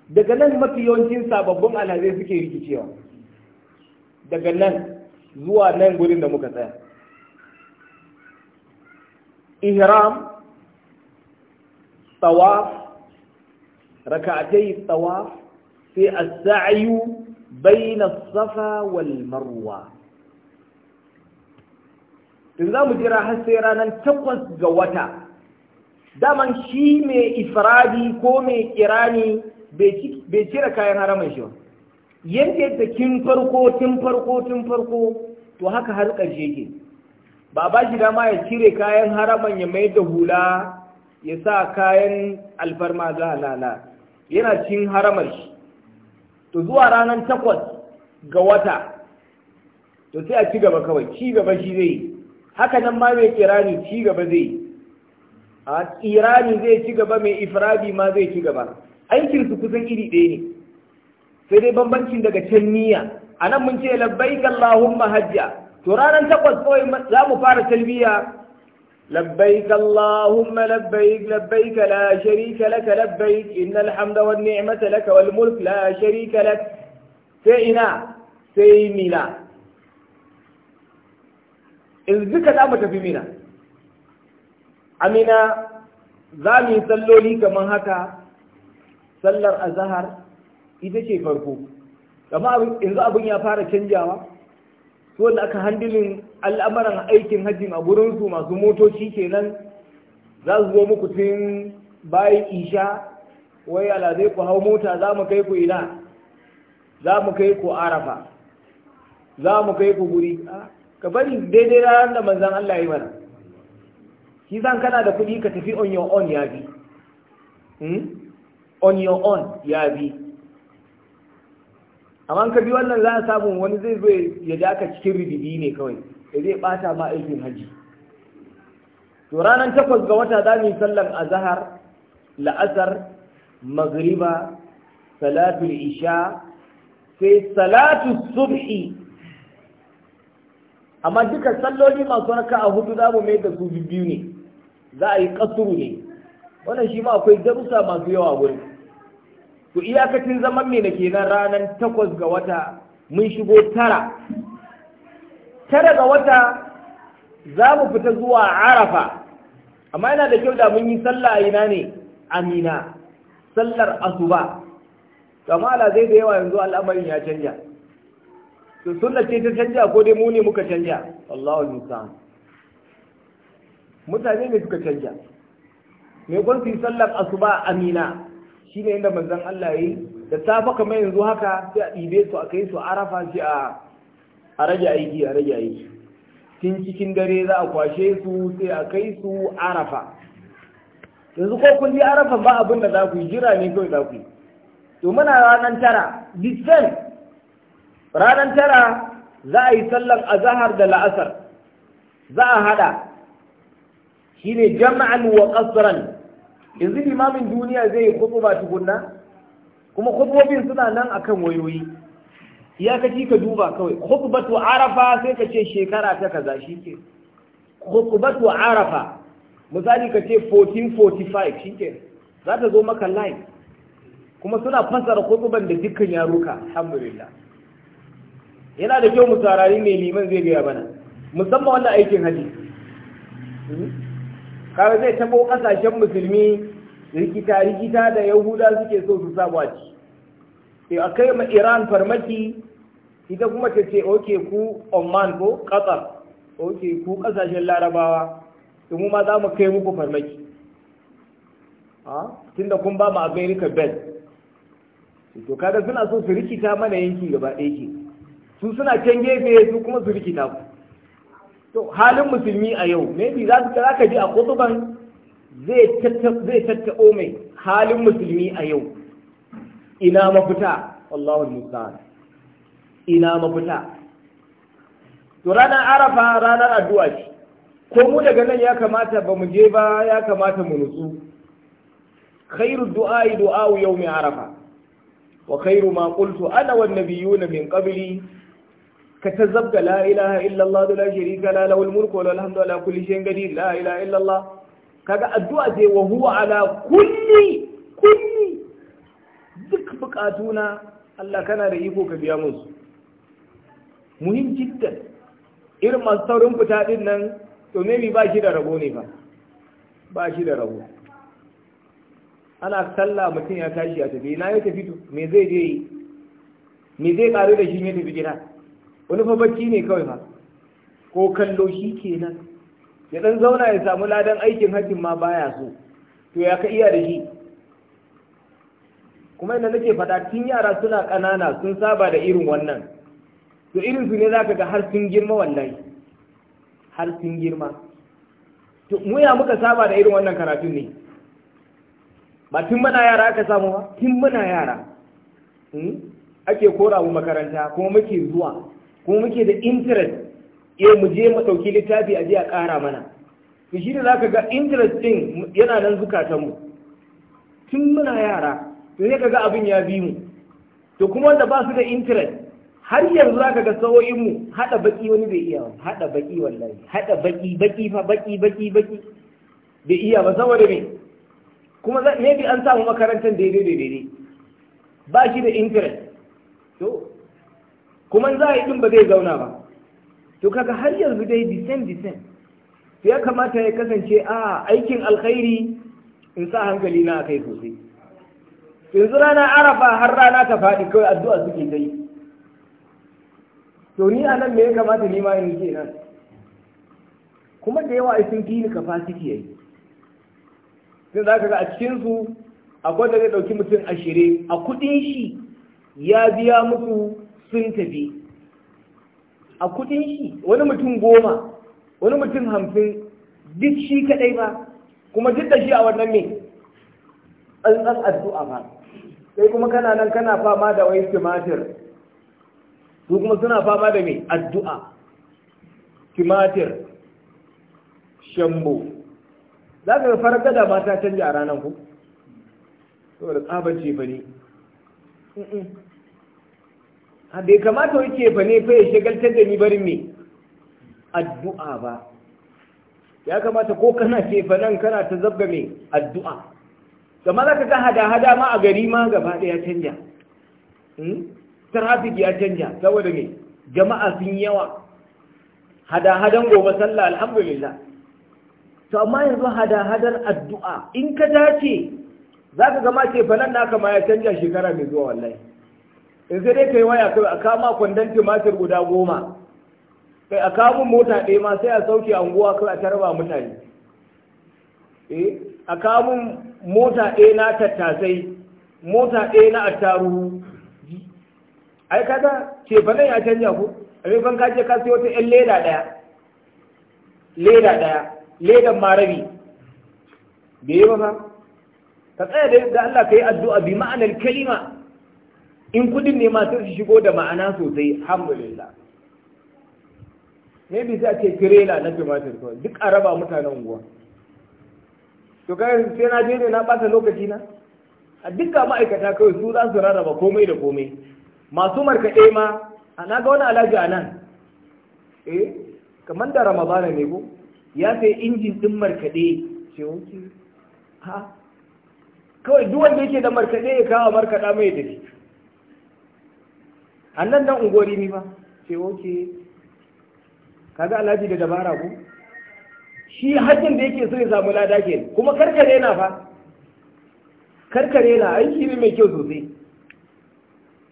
daga nan mafi yawancin sababbin alhazai suke rikicewa daga nan zuwa nan gudun da muka tsaya ihram tsawaf raka'atai tsawaf sai a sa'ayu bai na safa wal marwa in za mu jira har sai ranar takwas ga wata daman shi mai ifradi ko mai kirani bai cire kayan haramin shi ba Yanke da kin farko tun farko tun farko to haka har ƙarshe ke ba ba shi dama ya cire kayan haraman ya mai da hula ya sa kayan alfarma za lala yana cin haramar shi to zuwa ranar takwas ga wata to sai a ci gaba kawai ci gaba shi zai yi haka nan ma mai kirani ci gaba zai a kirani zai ci gaba mai ifradi ma zai ci gaba aikin su kusan iri ɗaya ne sai dai bambancin daga can niyya a nan mun ce labbaik allahumma hajja to ranar takwas kawai za mu fara talbiya لبيك اللهم لبيك لبيك لا شريك لك لبيك إن الحمد والنعمة لك والملك kala sai ina sai سيمنا in duka za mu tafi mina amina za mu yi salloli kamar haka sallar azahar ita ce farko kama yanzu abin ya fara canjawa su wanda aka handilin al'amuran aikin hajjin a gurinsu masu motoci kenan za su zo muku tun bayan isha wai zai ku hau mota za mu kai ku ina za mu kai ku arafa za mu kai ku guri ah, ka bari daidai ranar da manzan Allah ya yi mana shi zan kana da kuɗi ka tafi on your own ya bi hmm? on your own ya bi amma ka bi wannan za a samu wani zai zo ya ja ka cikin rididi ne kawai da zai bata ma aikin haji to ranar takwas ga wata za mu yi sallan azahar la'asar magriba salatul isha sai salatu subhi amma duka salloli masu raka a hudu za mu mai da su biyu ne za a yi kasuru ne wannan shi ma akwai darussa masu yawa wuri to iyakacin zaman mai da nan ranar takwas ga wata mun shigo tara tara ga wata za mu fita zuwa arafa amma yana da kyau da mun yi sallah a ina ne amina sallar asuba kamala zai da yawa yanzu al'amarin ya canja su suna ce ta canja ko dai mu ne muka canja wa Musa. mutane ne suka canja me kun fi sallar asuba amina shine inda manzan Allah yi da ta faka kamar yanzu haka sai a ɗibe su a kai su arafa rafa a a rage aiki a rage aiki tun cikin dare za a kwashe su sai a kai su arafa yanzu ko kun a arafa ba abin da za ku yi jira ne kawai za ku yi to muna ranar tara disfen ranar tara za a yi sallan azahar da la'asar za a hada shine jama'an wa qasran yanzu limamin duniya zai yi ba tukunna kuma khutbobin suna nan akan wayoyi ya ka duba kawai khutbatu arafa sai ka ce shekara ta kaza ke, khutbatu arafa misali ka ce 1445 shi ke. za ta zo maka live kuma suna fasara khutban da dukkan yaruka alhamdulillah yana da kyau mu saurari mai liman zai biya mana musamman wannan aikin haji hmm? kawai zai tabo kasashen musulmi rikita rikita da yahuda suke so su sa gwaji. sai a kai ma iran farmaki ita kuma ta ce oke ku oman ko qatar oke ku kasashen larabawa to mu ma za mu kai muku farmaki tunda kun ba mu america bed to kaga suna so su rikita mana yanki gaba ɗaya su suna can gefe su kuma su rikita ku to halin musulmi a yau maybe za su ka ji a kutuban zai tattabo mai halin musulmi a yau ina mafita Allahul musta'an ina mafita to ranar arafa ranar addu'a ce ko mu daga nan ya kamata ba mu je ba ya kamata mu nutsu khairu du'a'i yau yawmi arafa wa khairu ma qultu ana wan nabiyuna min qabli ka ta zabga la ilaha illallah da la sharika la lahul mulku wa lahul ala kulli shay'in qadir la ilaha illallah kaga addu'a ce wa huwa ala kulli kulli duk bukatuna Allah kana da iko ka biya musu muhim jidda irin masu taurin fita din nan to maybe ba shi da rabo ne ba ba shi da rabo ana sallah mutum ya tashi ya tafi na ya tafi to me zai je yi me zai karu da shi ne tafi gida wani fa bacci ne kawai ma ko kallo shi kenan ya dan zauna ya samu ladan aikin hajjin ma baya so to ya ka iya da shi kuma inda nake faɗa tun yara suna ƙanana sun saba da irin wannan to irin su ne zaka ga har sun girma wallahi har sun girma to mu ya muka saba da irin wannan karatun ne ba tun muna yara aka samu ba tun muna yara hmm? ake kora mu makaranta kuma muke zuwa kuma muke da interest eh mu je mu ɗauki littafi a je a ƙara mana to shi da zaka ga interest ɗin yana nan zukatanmu tun muna yara to sai kaga abin ya bi mu to kuma wanda ba su da interest har yanzu zaka ga sawo'in mu hada baki wani bai iya hada baki wallahi hada baki baki fa baki baki baki bai iya ba saboda me kuma maybe an samu makarantar daidai daidai ba shi da interest to kuma za a yi ɗin ba zai zauna ba to kaga har yanzu dai the same the same to ya kamata ya kasance a aikin alkhairi in sa hankali na kai sosai yanzu rana arafa har rana ta faɗi kawai addu'a suke ta yi to ni a nan me ya kamata ni ma in ce nan kuma da yawa sun fi ni capacity yayi sai za ka ga a cikin su akwai da zai ɗauki mutum ashirin a kuɗin shi ya biya musu sun tafi a kudin shi wani mutum goma wani mutum hamsin duk shi kadai ba kuma duk da shi a wannan mai tsantsan addu'a ba sai kuma kana nan kana fama da wai timatir su kuma suna fama da mai addu'a timatir shambo za ka farar gada ma ta canja a ranar ku saboda tsabar ce ba ne bai kamata wuce fa ne fa ya shagaltar da ni barin me addu'a ba ya kamata ko kana ce fa nan kana ta zabga me addu'a kamar za ka ga hada-hada ma a gari ma gaba ɗaya canja hmm? traffic ya canja saboda me jama'a sun yawa hada-hadan gobe sallah alhamdulillah to amma yanzu hada-hadar addu'a in ka dace za ka gama ce fa nan naka ma ya canja shekara mai zuwa wallahi in sai dai kai waya kai a kama kwandon tumatir guda goma kai a kamun mota ɗaya ma sai a sauke anguwa kai a tarba mutane eh a kamun mota ɗaya na tattasai mota ɗaya na attaruhu ai kaga ce fa ya canja ko a mai fanka ce ka siyo ta yan leda ɗaya leda ɗaya ledan marabi bai yi ba ka tsaya da Allah ka yi addu'a bi ma'anar kalima in kudin ne sai su shigo da ma'ana sosai alhamdulillah ne bi sai ake tirela na tumatir kawai duk a raba mutanen unguwa to kai sai na je ne na bata lokaci na a dukkan ma'aikata kawai su za su rarraba komai da komai masu markaɗe ma a na ga wani alhaji a nan eh kamar da ramadana ne ko ya sai injin din markaɗe ce wuce ha kawai duk wanda yake da markaɗe ya kawo markaɗa mai tafi annan dan ungori ni ba ce oke kaga alhaji da dabara ko shi hajjin da yake so ya samu lada ke kuma karkare na fa karkare na aiki ne mai kyau sosai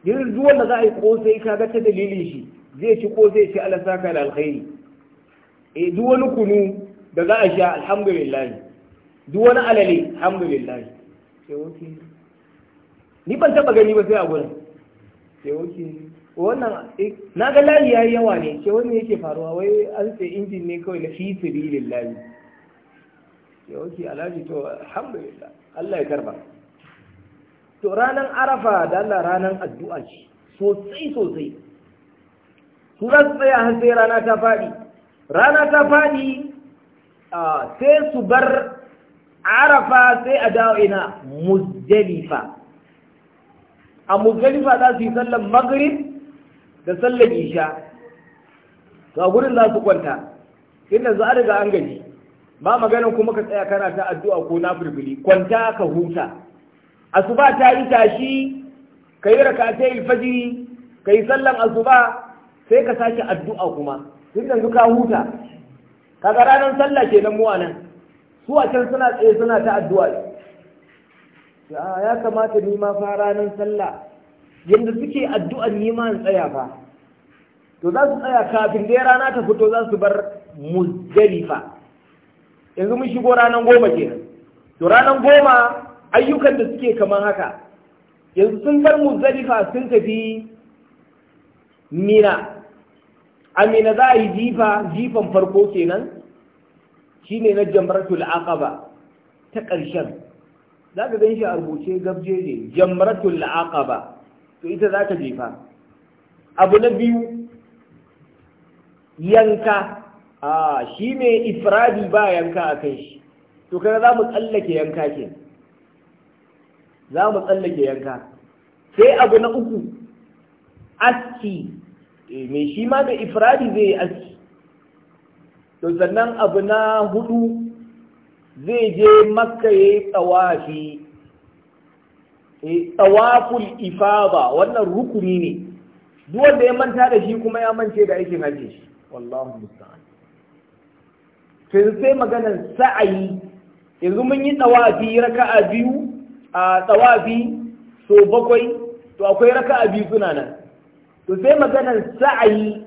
yanzu duk wanda za a yi kosai kaga ta dalilin shi zai ci kosai ci Allah saka da alkhairi eh duk wani kunu da za a sha alhamdulillah duk wani alale alhamdulillah ce oke ni ban taba gani ba sai a gurin ce oke wannan eh, na ga layi ya yi yawa ne ke wani yake faruwa wai an ce injin ne kawai na fi sabilin layi ke wuce alhaji to alhamdulillah Allah ya karba to ranar arafa da Allah ranar addu'a ce sosai sosai su za su tsaya har sai rana ta faɗi rana ta faɗi sai su bar arafa sai a dawo ina muzdalifa a muzdalifa za su yi sallan maghrib da sallar isha to gurin za su kwanta inda za a daga an gaji ba maganin kuma ka tsaya kana ta addu'a ko na firfili kwanta ka huta asuba ta yi tashi ka yi raka ta ilfajiri ka yi sallan asuba sai ka sake addu'a kuma tun yanzu ka huta kaga ranar sallah nan mu nan. su a can suna tsaye suna ta addu'a ya kamata ni ma fa ranar sallah yadda suke addu'ar in tsaya fa to za su tsaya kafin da rana ta fito za su bar muzdalifa yanzu mun shigo ranar goma kenan to ranar goma ayyukan da suke kamar haka yanzu sun bar muzdalifa sun tafi mina amina za a yi jifa jifan farko kenan ne na jamratul aqaba ta ƙarshen za ka gan shi a rubuce gabje ne jamratul aqaba to ita za ka jefa abu na biyu yanka a shi mai ifradi ba yanka a kan shi to kada za mu tsallake yanka ke za mu tsallake yanka sai abu na uku aski eh, mai shi ma da ifradi zai yi aski to sannan abu na hudu zai je makka ya yi tsawafi Eh, tsawaful ifaba wannan rukuni ne duk wanda ya manta da shi kuma ya mance da aikin hajji shi wallahu musta'an to sai maganar sa'ayi yanzu mun yi tsawafi raka'a biyu a tsawafi so bakwai to akwai raka'a biyu suna nan to sai maganar sa'ayi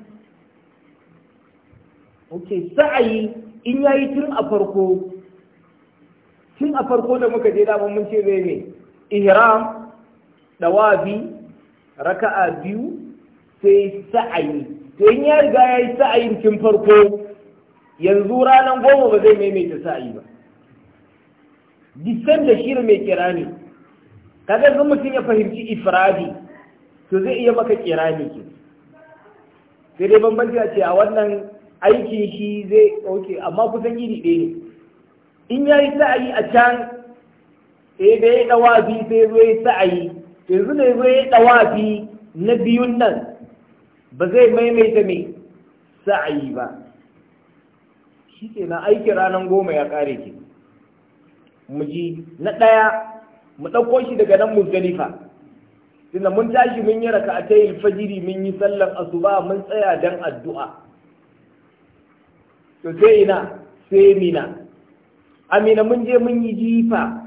ok sa'ayi in yayi tun a farko tun a farko da muka je da mun ce zai ne ihram dawabi raka'a biyu sai sa'ayi to in ya riga ya yi sa'ayin tun farko yanzu ranar goma ba zai maimaita sa'ayi ba disan da shirin mai kira ne kaga zan mutum ya fahimci ifradi to zai iya maka kira ne sai dai bambanci a ce a wannan aikin shi zai oke. amma kusan iri ɗaya ne in ya yi sa'ayi a can sai da ya ɗawafi sai zo ya sa'ayi yanzu ne zo ya ɗawafi na biyun nan ba zai maimaita mai sa'ayi ba shi ke na aiki ranar goma ya ƙare ke mu ji na ɗaya mu ɗauko shi daga nan muzdalifa tunda mun tashi mun yi raka a fajiri mun yi sallar asuba mun tsaya don addu'a to sai ina sai mina amina mun je mun yi jifa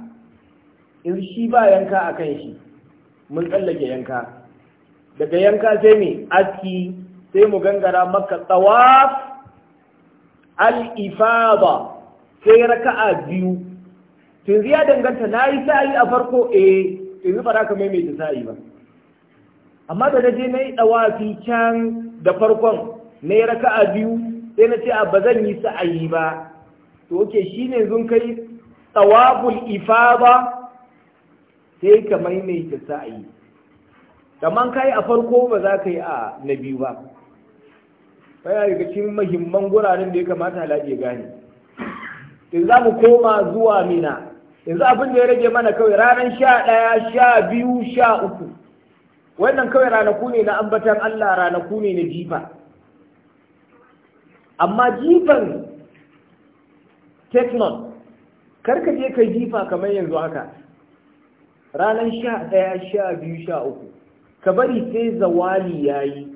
in shi ba yanka a kan shi mun tsallake yanka daga yanka sai mai aski sai mu gangara maka tsawaf ba sai raka'a biyu tun ya danganta na yi sa'i a farko eh zuba ba mai ka maimaita sa'i ba amma da je na yi tsawafi can da farkon na yi raka'a biyu sai na ce a ba zan yi sa'i ba to ke shi ne zun kai tsawaful ba. sai ka maimaita sa'ayi kamar kai a farko ba za ka yi a na biyu ba yi daga cikin mahimman guraren da ya kamata halaji ya gane in za mu koma zuwa mina yanzu abin da ya rage mana kawai ranar sha ɗaya sha biyu sha uku wannan kawai ranaku ne na ambatan allah ranaku ne na jifa amma jifan teknon karka je kai jifa kamar yanzu haka ranar sha ɗaya sha biyu sha uku ka bari sai zawali ya yi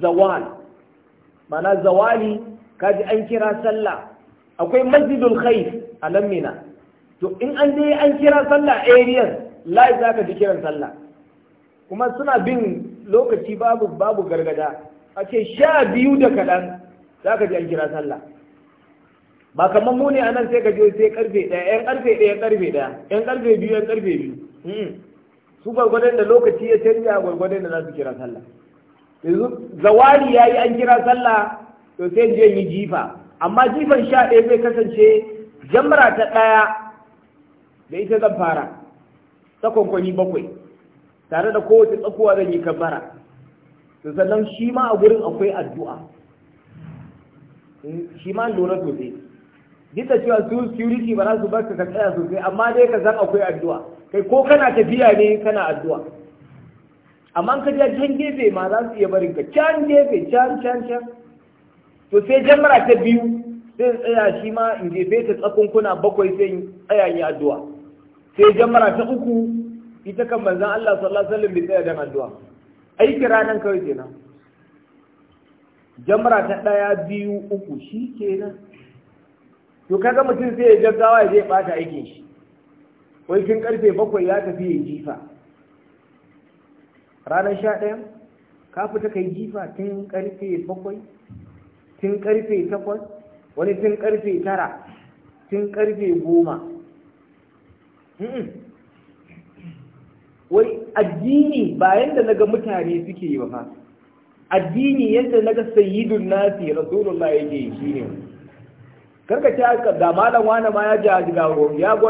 zawal mana zawali kaji an kira sallah akwai masjidul khaif a nan mina to in an je an kira sallah eriyar, lai za ka ji kiran sallah kuma suna bin lokaci babu babu gargada a ce sha biyu da kaɗan za ka ji an kira sallah ba kamar mu ne a nan sai ka je sai karfe ɗaya yan karfe ɗaya karfe ɗaya yan karfe biyu yan karfe biyu su gwargwadon da lokaci ya canja gwargwadon da za su kira sallah yanzu zawari ya yi an kira sallah to sai je yi jifa amma jifan sha ɗaya zai kasance jamra ta ɗaya da ita zan fara kwankwani bakwai tare da kowace tsakuwa zan yi kabara to sannan shi ma a gurin akwai addu'a mm, shi ma lura sosai duk da cewa su security ba za su barka ka tsaya sosai amma dai ka zan akwai addu'a kai ko kana tafiya ne kana addu'a amma ka ja can gefe ma za su iya barin ka can gefe can can can to sai jamara ta biyu sai tsaya shi ma in gefe ta kuna bakwai sai in tsaya yi addu'a sai jamara ta uku ita kan manzon Allah sallallahu alaihi wasallam bai tsaya dan addu'a aiki ranan kawai kenan jamara ta ɗaya biyu uku shi kenan to kaga mutum sai ya gaggawa ya zai bata aikin shi wai kin karfe bakwai ya tafi ya jifa ranar sha ɗaya ka fita kai jifa tun karfe bakwai tun karfe takwas wani tun karfe tara tun karfe goma wai addini ba yadda naga mutane suke yi ba fa addini yadda naga sayyidun nasi rasulullah yake yi shine karka ce aka da malam wani ma ya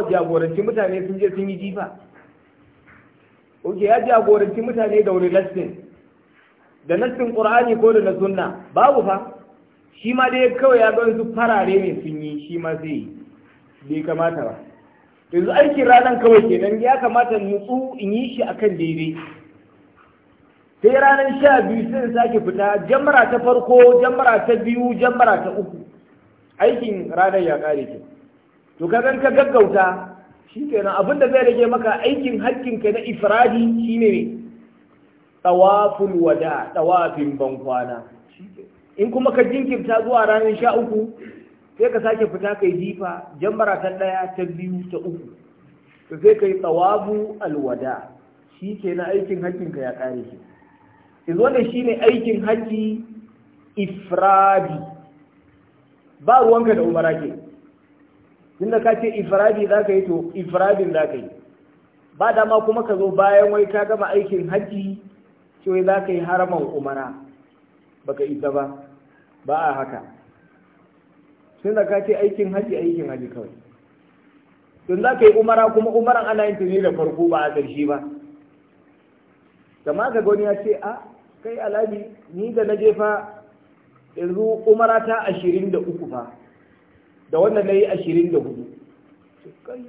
jagoranci mutane sun je sun yi jifa oke ya jagoranci mutane da wani lastin da lastin ƙur'ani ko da na sunna babu fa shi ma dai kawai ya ga su farare ne sun yi shi ma zai yi bai kamata ba yanzu aikin ranar kawai kenan ya kamata nutsu in yi shi akan daidai sai ranar sha biyu sun sake fita jamara ta farko jamara ta biyu jamara ta uku aikin ranar ya ƙare ke to ka ka gaggauta shi kenan abin da zai rage maka aikin hakkinka na ifradi shi ne tsawafin wada tawafin bankwana in kuma ka jinkirta zuwa ranar sha uku sai ka sake fita kai jifa jan ta ɗaya ta biyu ta uku to sai kai tsawabu alwada shi ke na aikin ka ya ƙare shi izo shi ne aikin haƙƙi ifradi ba ruwanka da umara ke tunda ka ce ifradi za ka yi to ifradin za ka yi ba dama kuma ka zo bayan wai ka gama aikin hajji cewa za ka yi haraman umara baka isa ba ba a haka tunda ka ce aikin hajji aikin hajji kawai tun za ka yi umara kuma umaran ana yin tuni da farko ba a ƙarshe ba kama ka gwani ya ce a ah, kai alaji ni da na jefa yanzu umara ta ashirin da uku fa da wannan na yi ashirin da hudu kai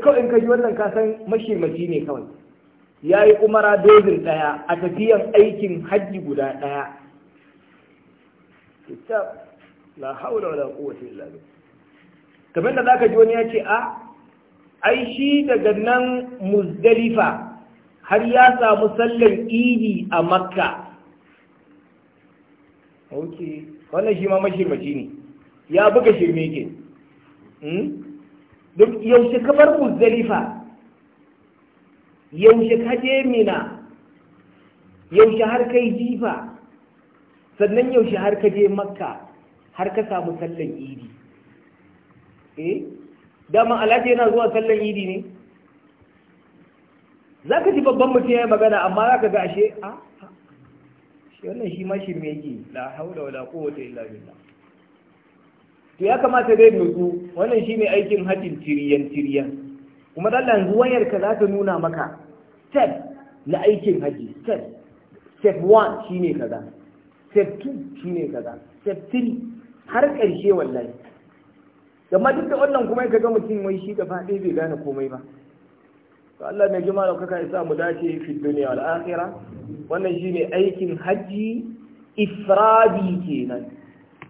kawai in ka ji wannan kasan mashirmaci ne kawai ya yi umara dozin ɗaya a tafiyan aikin hajji guda ɗaya la haula wala quwwata illa billah kamar da zaka ji wani ya ce a ah, ai shi daga nan muzdalifa har ya samu sallar idi a makka ok wannan shi ma mashirmaci ne ya buga shirme ke hmm? duk yaushe ka bar muzdalifa yaushe ka je mina yaushe har kai jifa sannan yaushe har ka je makka har ka samu sallan idi eh dama alhaji yana zuwa sallan idi ne za ka ji babban mutum ya yi magana amma za ka ga ashe a ah, shi wannan shi mashi me yake la haula wala quwwata illa billah to ya kamata dai nutsu wannan shi ne aikin hajjin tiriyan tiriyan kuma dan yanzu wayar ka za ta nuna maka step na aikin haji step step 1 shine kaza step 2 shine kaza step 3 har ƙarshe wallahi amma duk da wannan kuma ka ga mutum wai shi gaba ɗaya bai gane komai ba to Allah mai jima daukaka ya sa mu dace fi duniya wal akhira wannan shine aikin hajji ifradi kenan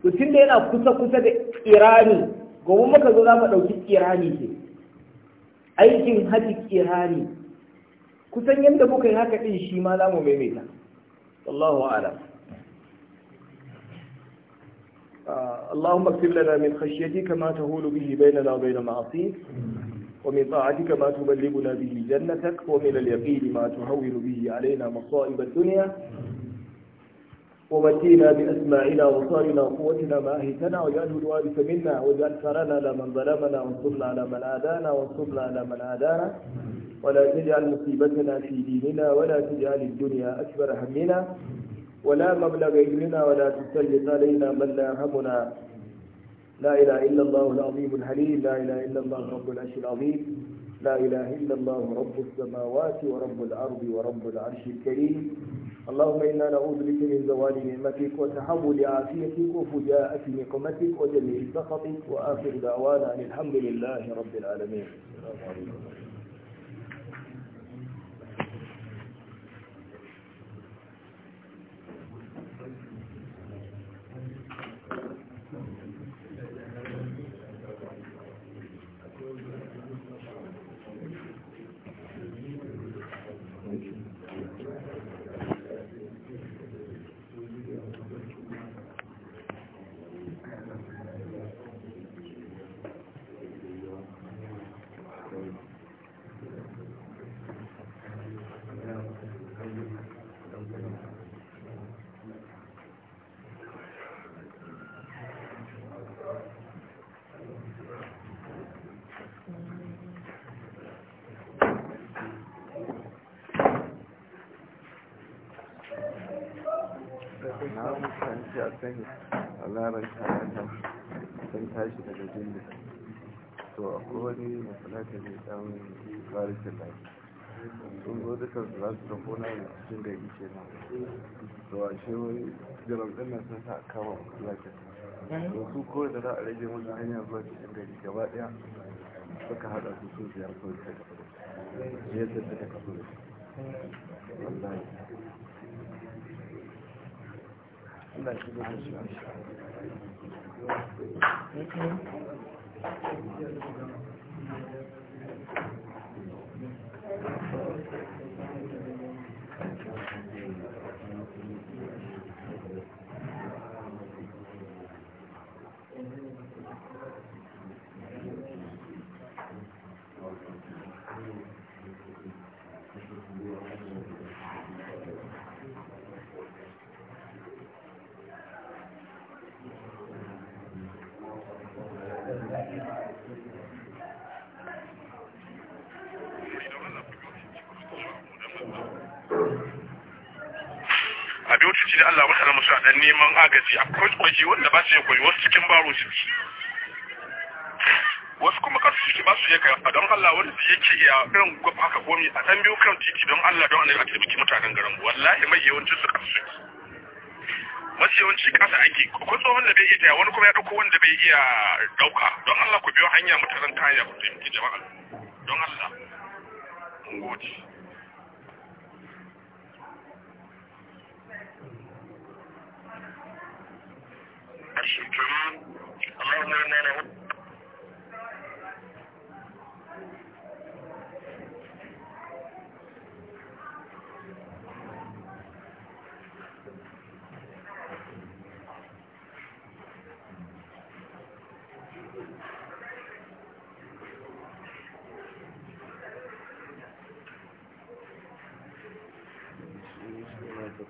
to tunda yana kusa kusa da kirani gobe muka zo za mu dauki kirani ke aikin haji kirani kusan yadda muka yi haka din shi ma za mu maimaita wallahu a'lam اللهم اكتب لنا من خشيتك ما تهول به بيننا وبين معصيك ومن طاعتك ما تبلغنا به جنتك ومن اليقين ما تهون به علينا مصائب الدنيا ومتينا بأسماعنا وصارنا وقوتنا ما أهتنا وجعله الوارث منا واجعل ثرنا على من ظلمنا وانصرنا على من عادانا وانصرنا على من عادانا ولا تجعل مصيبتنا في ديننا ولا تجعل الدنيا أكبر همنا ولا مبلغ علمنا ولا تسلط علينا من لا همنا لا إله إلا الله العظيم الحليم لا إله إلا الله رب العرش العظيم لا إله إلا الله رب السماوات ورب الأرض ورب العرش الكريم اللهم إنا نعوذ بك من زوال نعمتك وتحول عافيتك وفجاءة نقمتك وجميع سخطك وآخر دعوانا أن الحمد لله رب العالمين musanci a kan labarci a kan sun tashi daga jinda to a kowane masalata ne dan barikin lafi sun zo duka su za su tafi na cikin gari yake na to a shi wani jiran din sun sa kama masalata to su kawai da za a rage musu hanyar zuwa cikin gari gaba daya suka hada su su biyar kawai suka kafa da shi yadda suka kafa da shi Allah shi da shi Thank you. shi da Allah mutane musu a dan neman agaji a kwaji wanda ba su yi koyi wasu cikin baro su ci wasu kuma kasu suke ba su yi a don Allah wani su yake iya irin gwab haka komi a ɗan biyu kan titi don Allah don Allah a taimaki mutanen garin wallahi mai yawanci su kasu su. masu yawanci kasa aiki ko tsohon da bai iya taya wani kuma ya ɗauko wanda bai iya ɗauka don Allah ku biyo hanya mutanen kaya ku taimaki jama'a don Allah mun gode العرش الكريم اللهم إنا نعوذ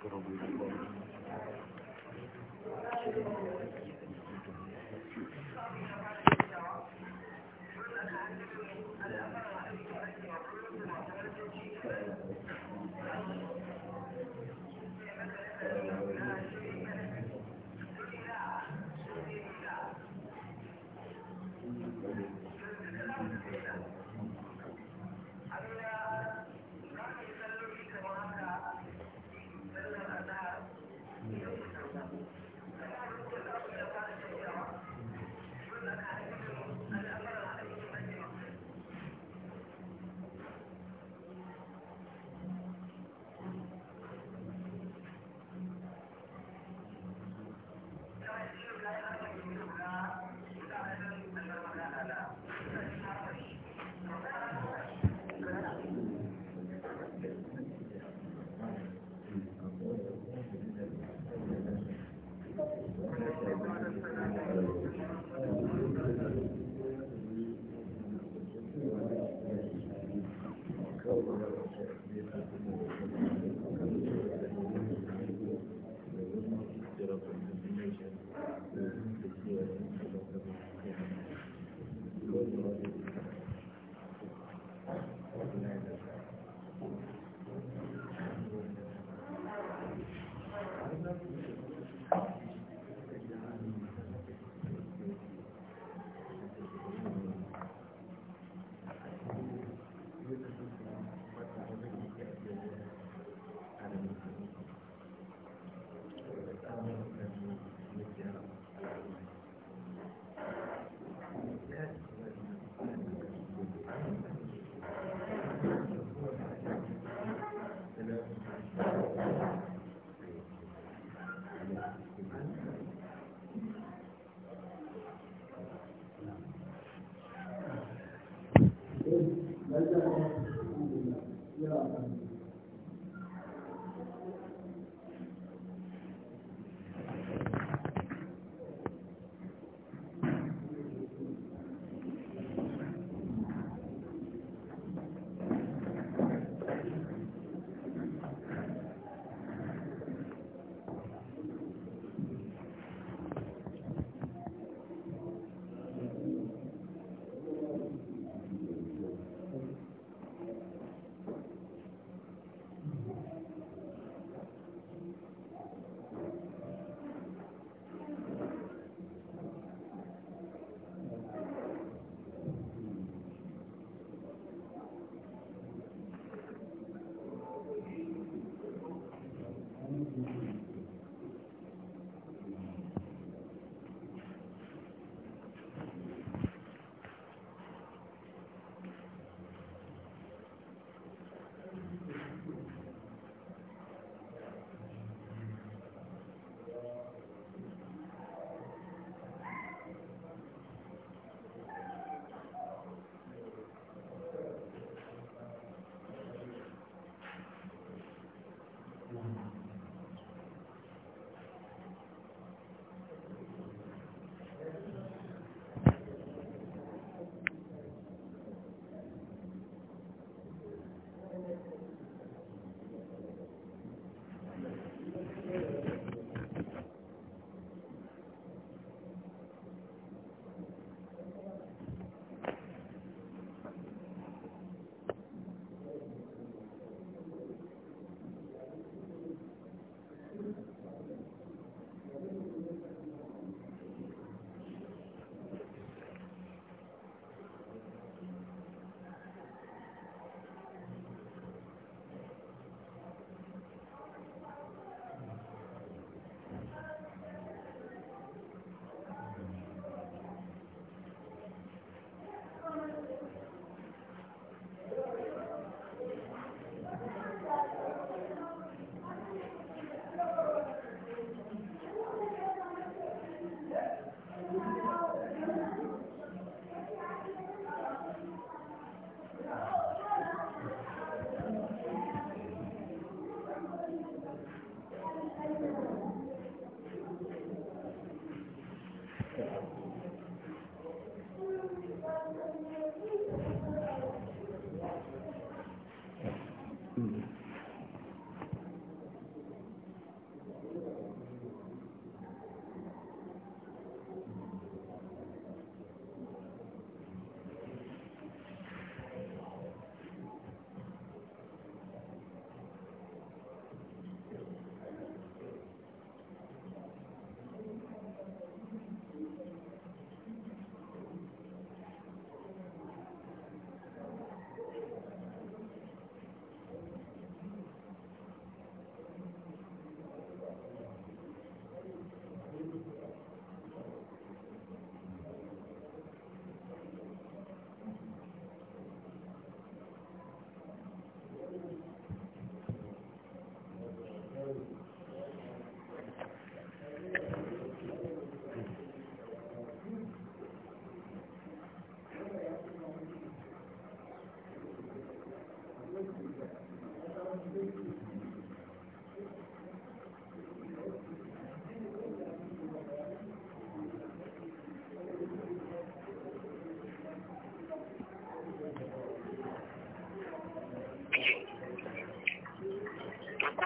Gracias.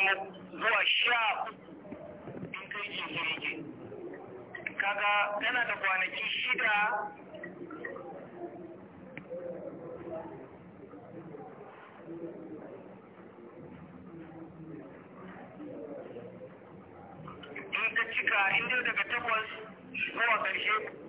hudu zuwa sha in kai jirgin kaga tana da kwanaki shida in ka cika inda daga takwas zuwa ƙarshe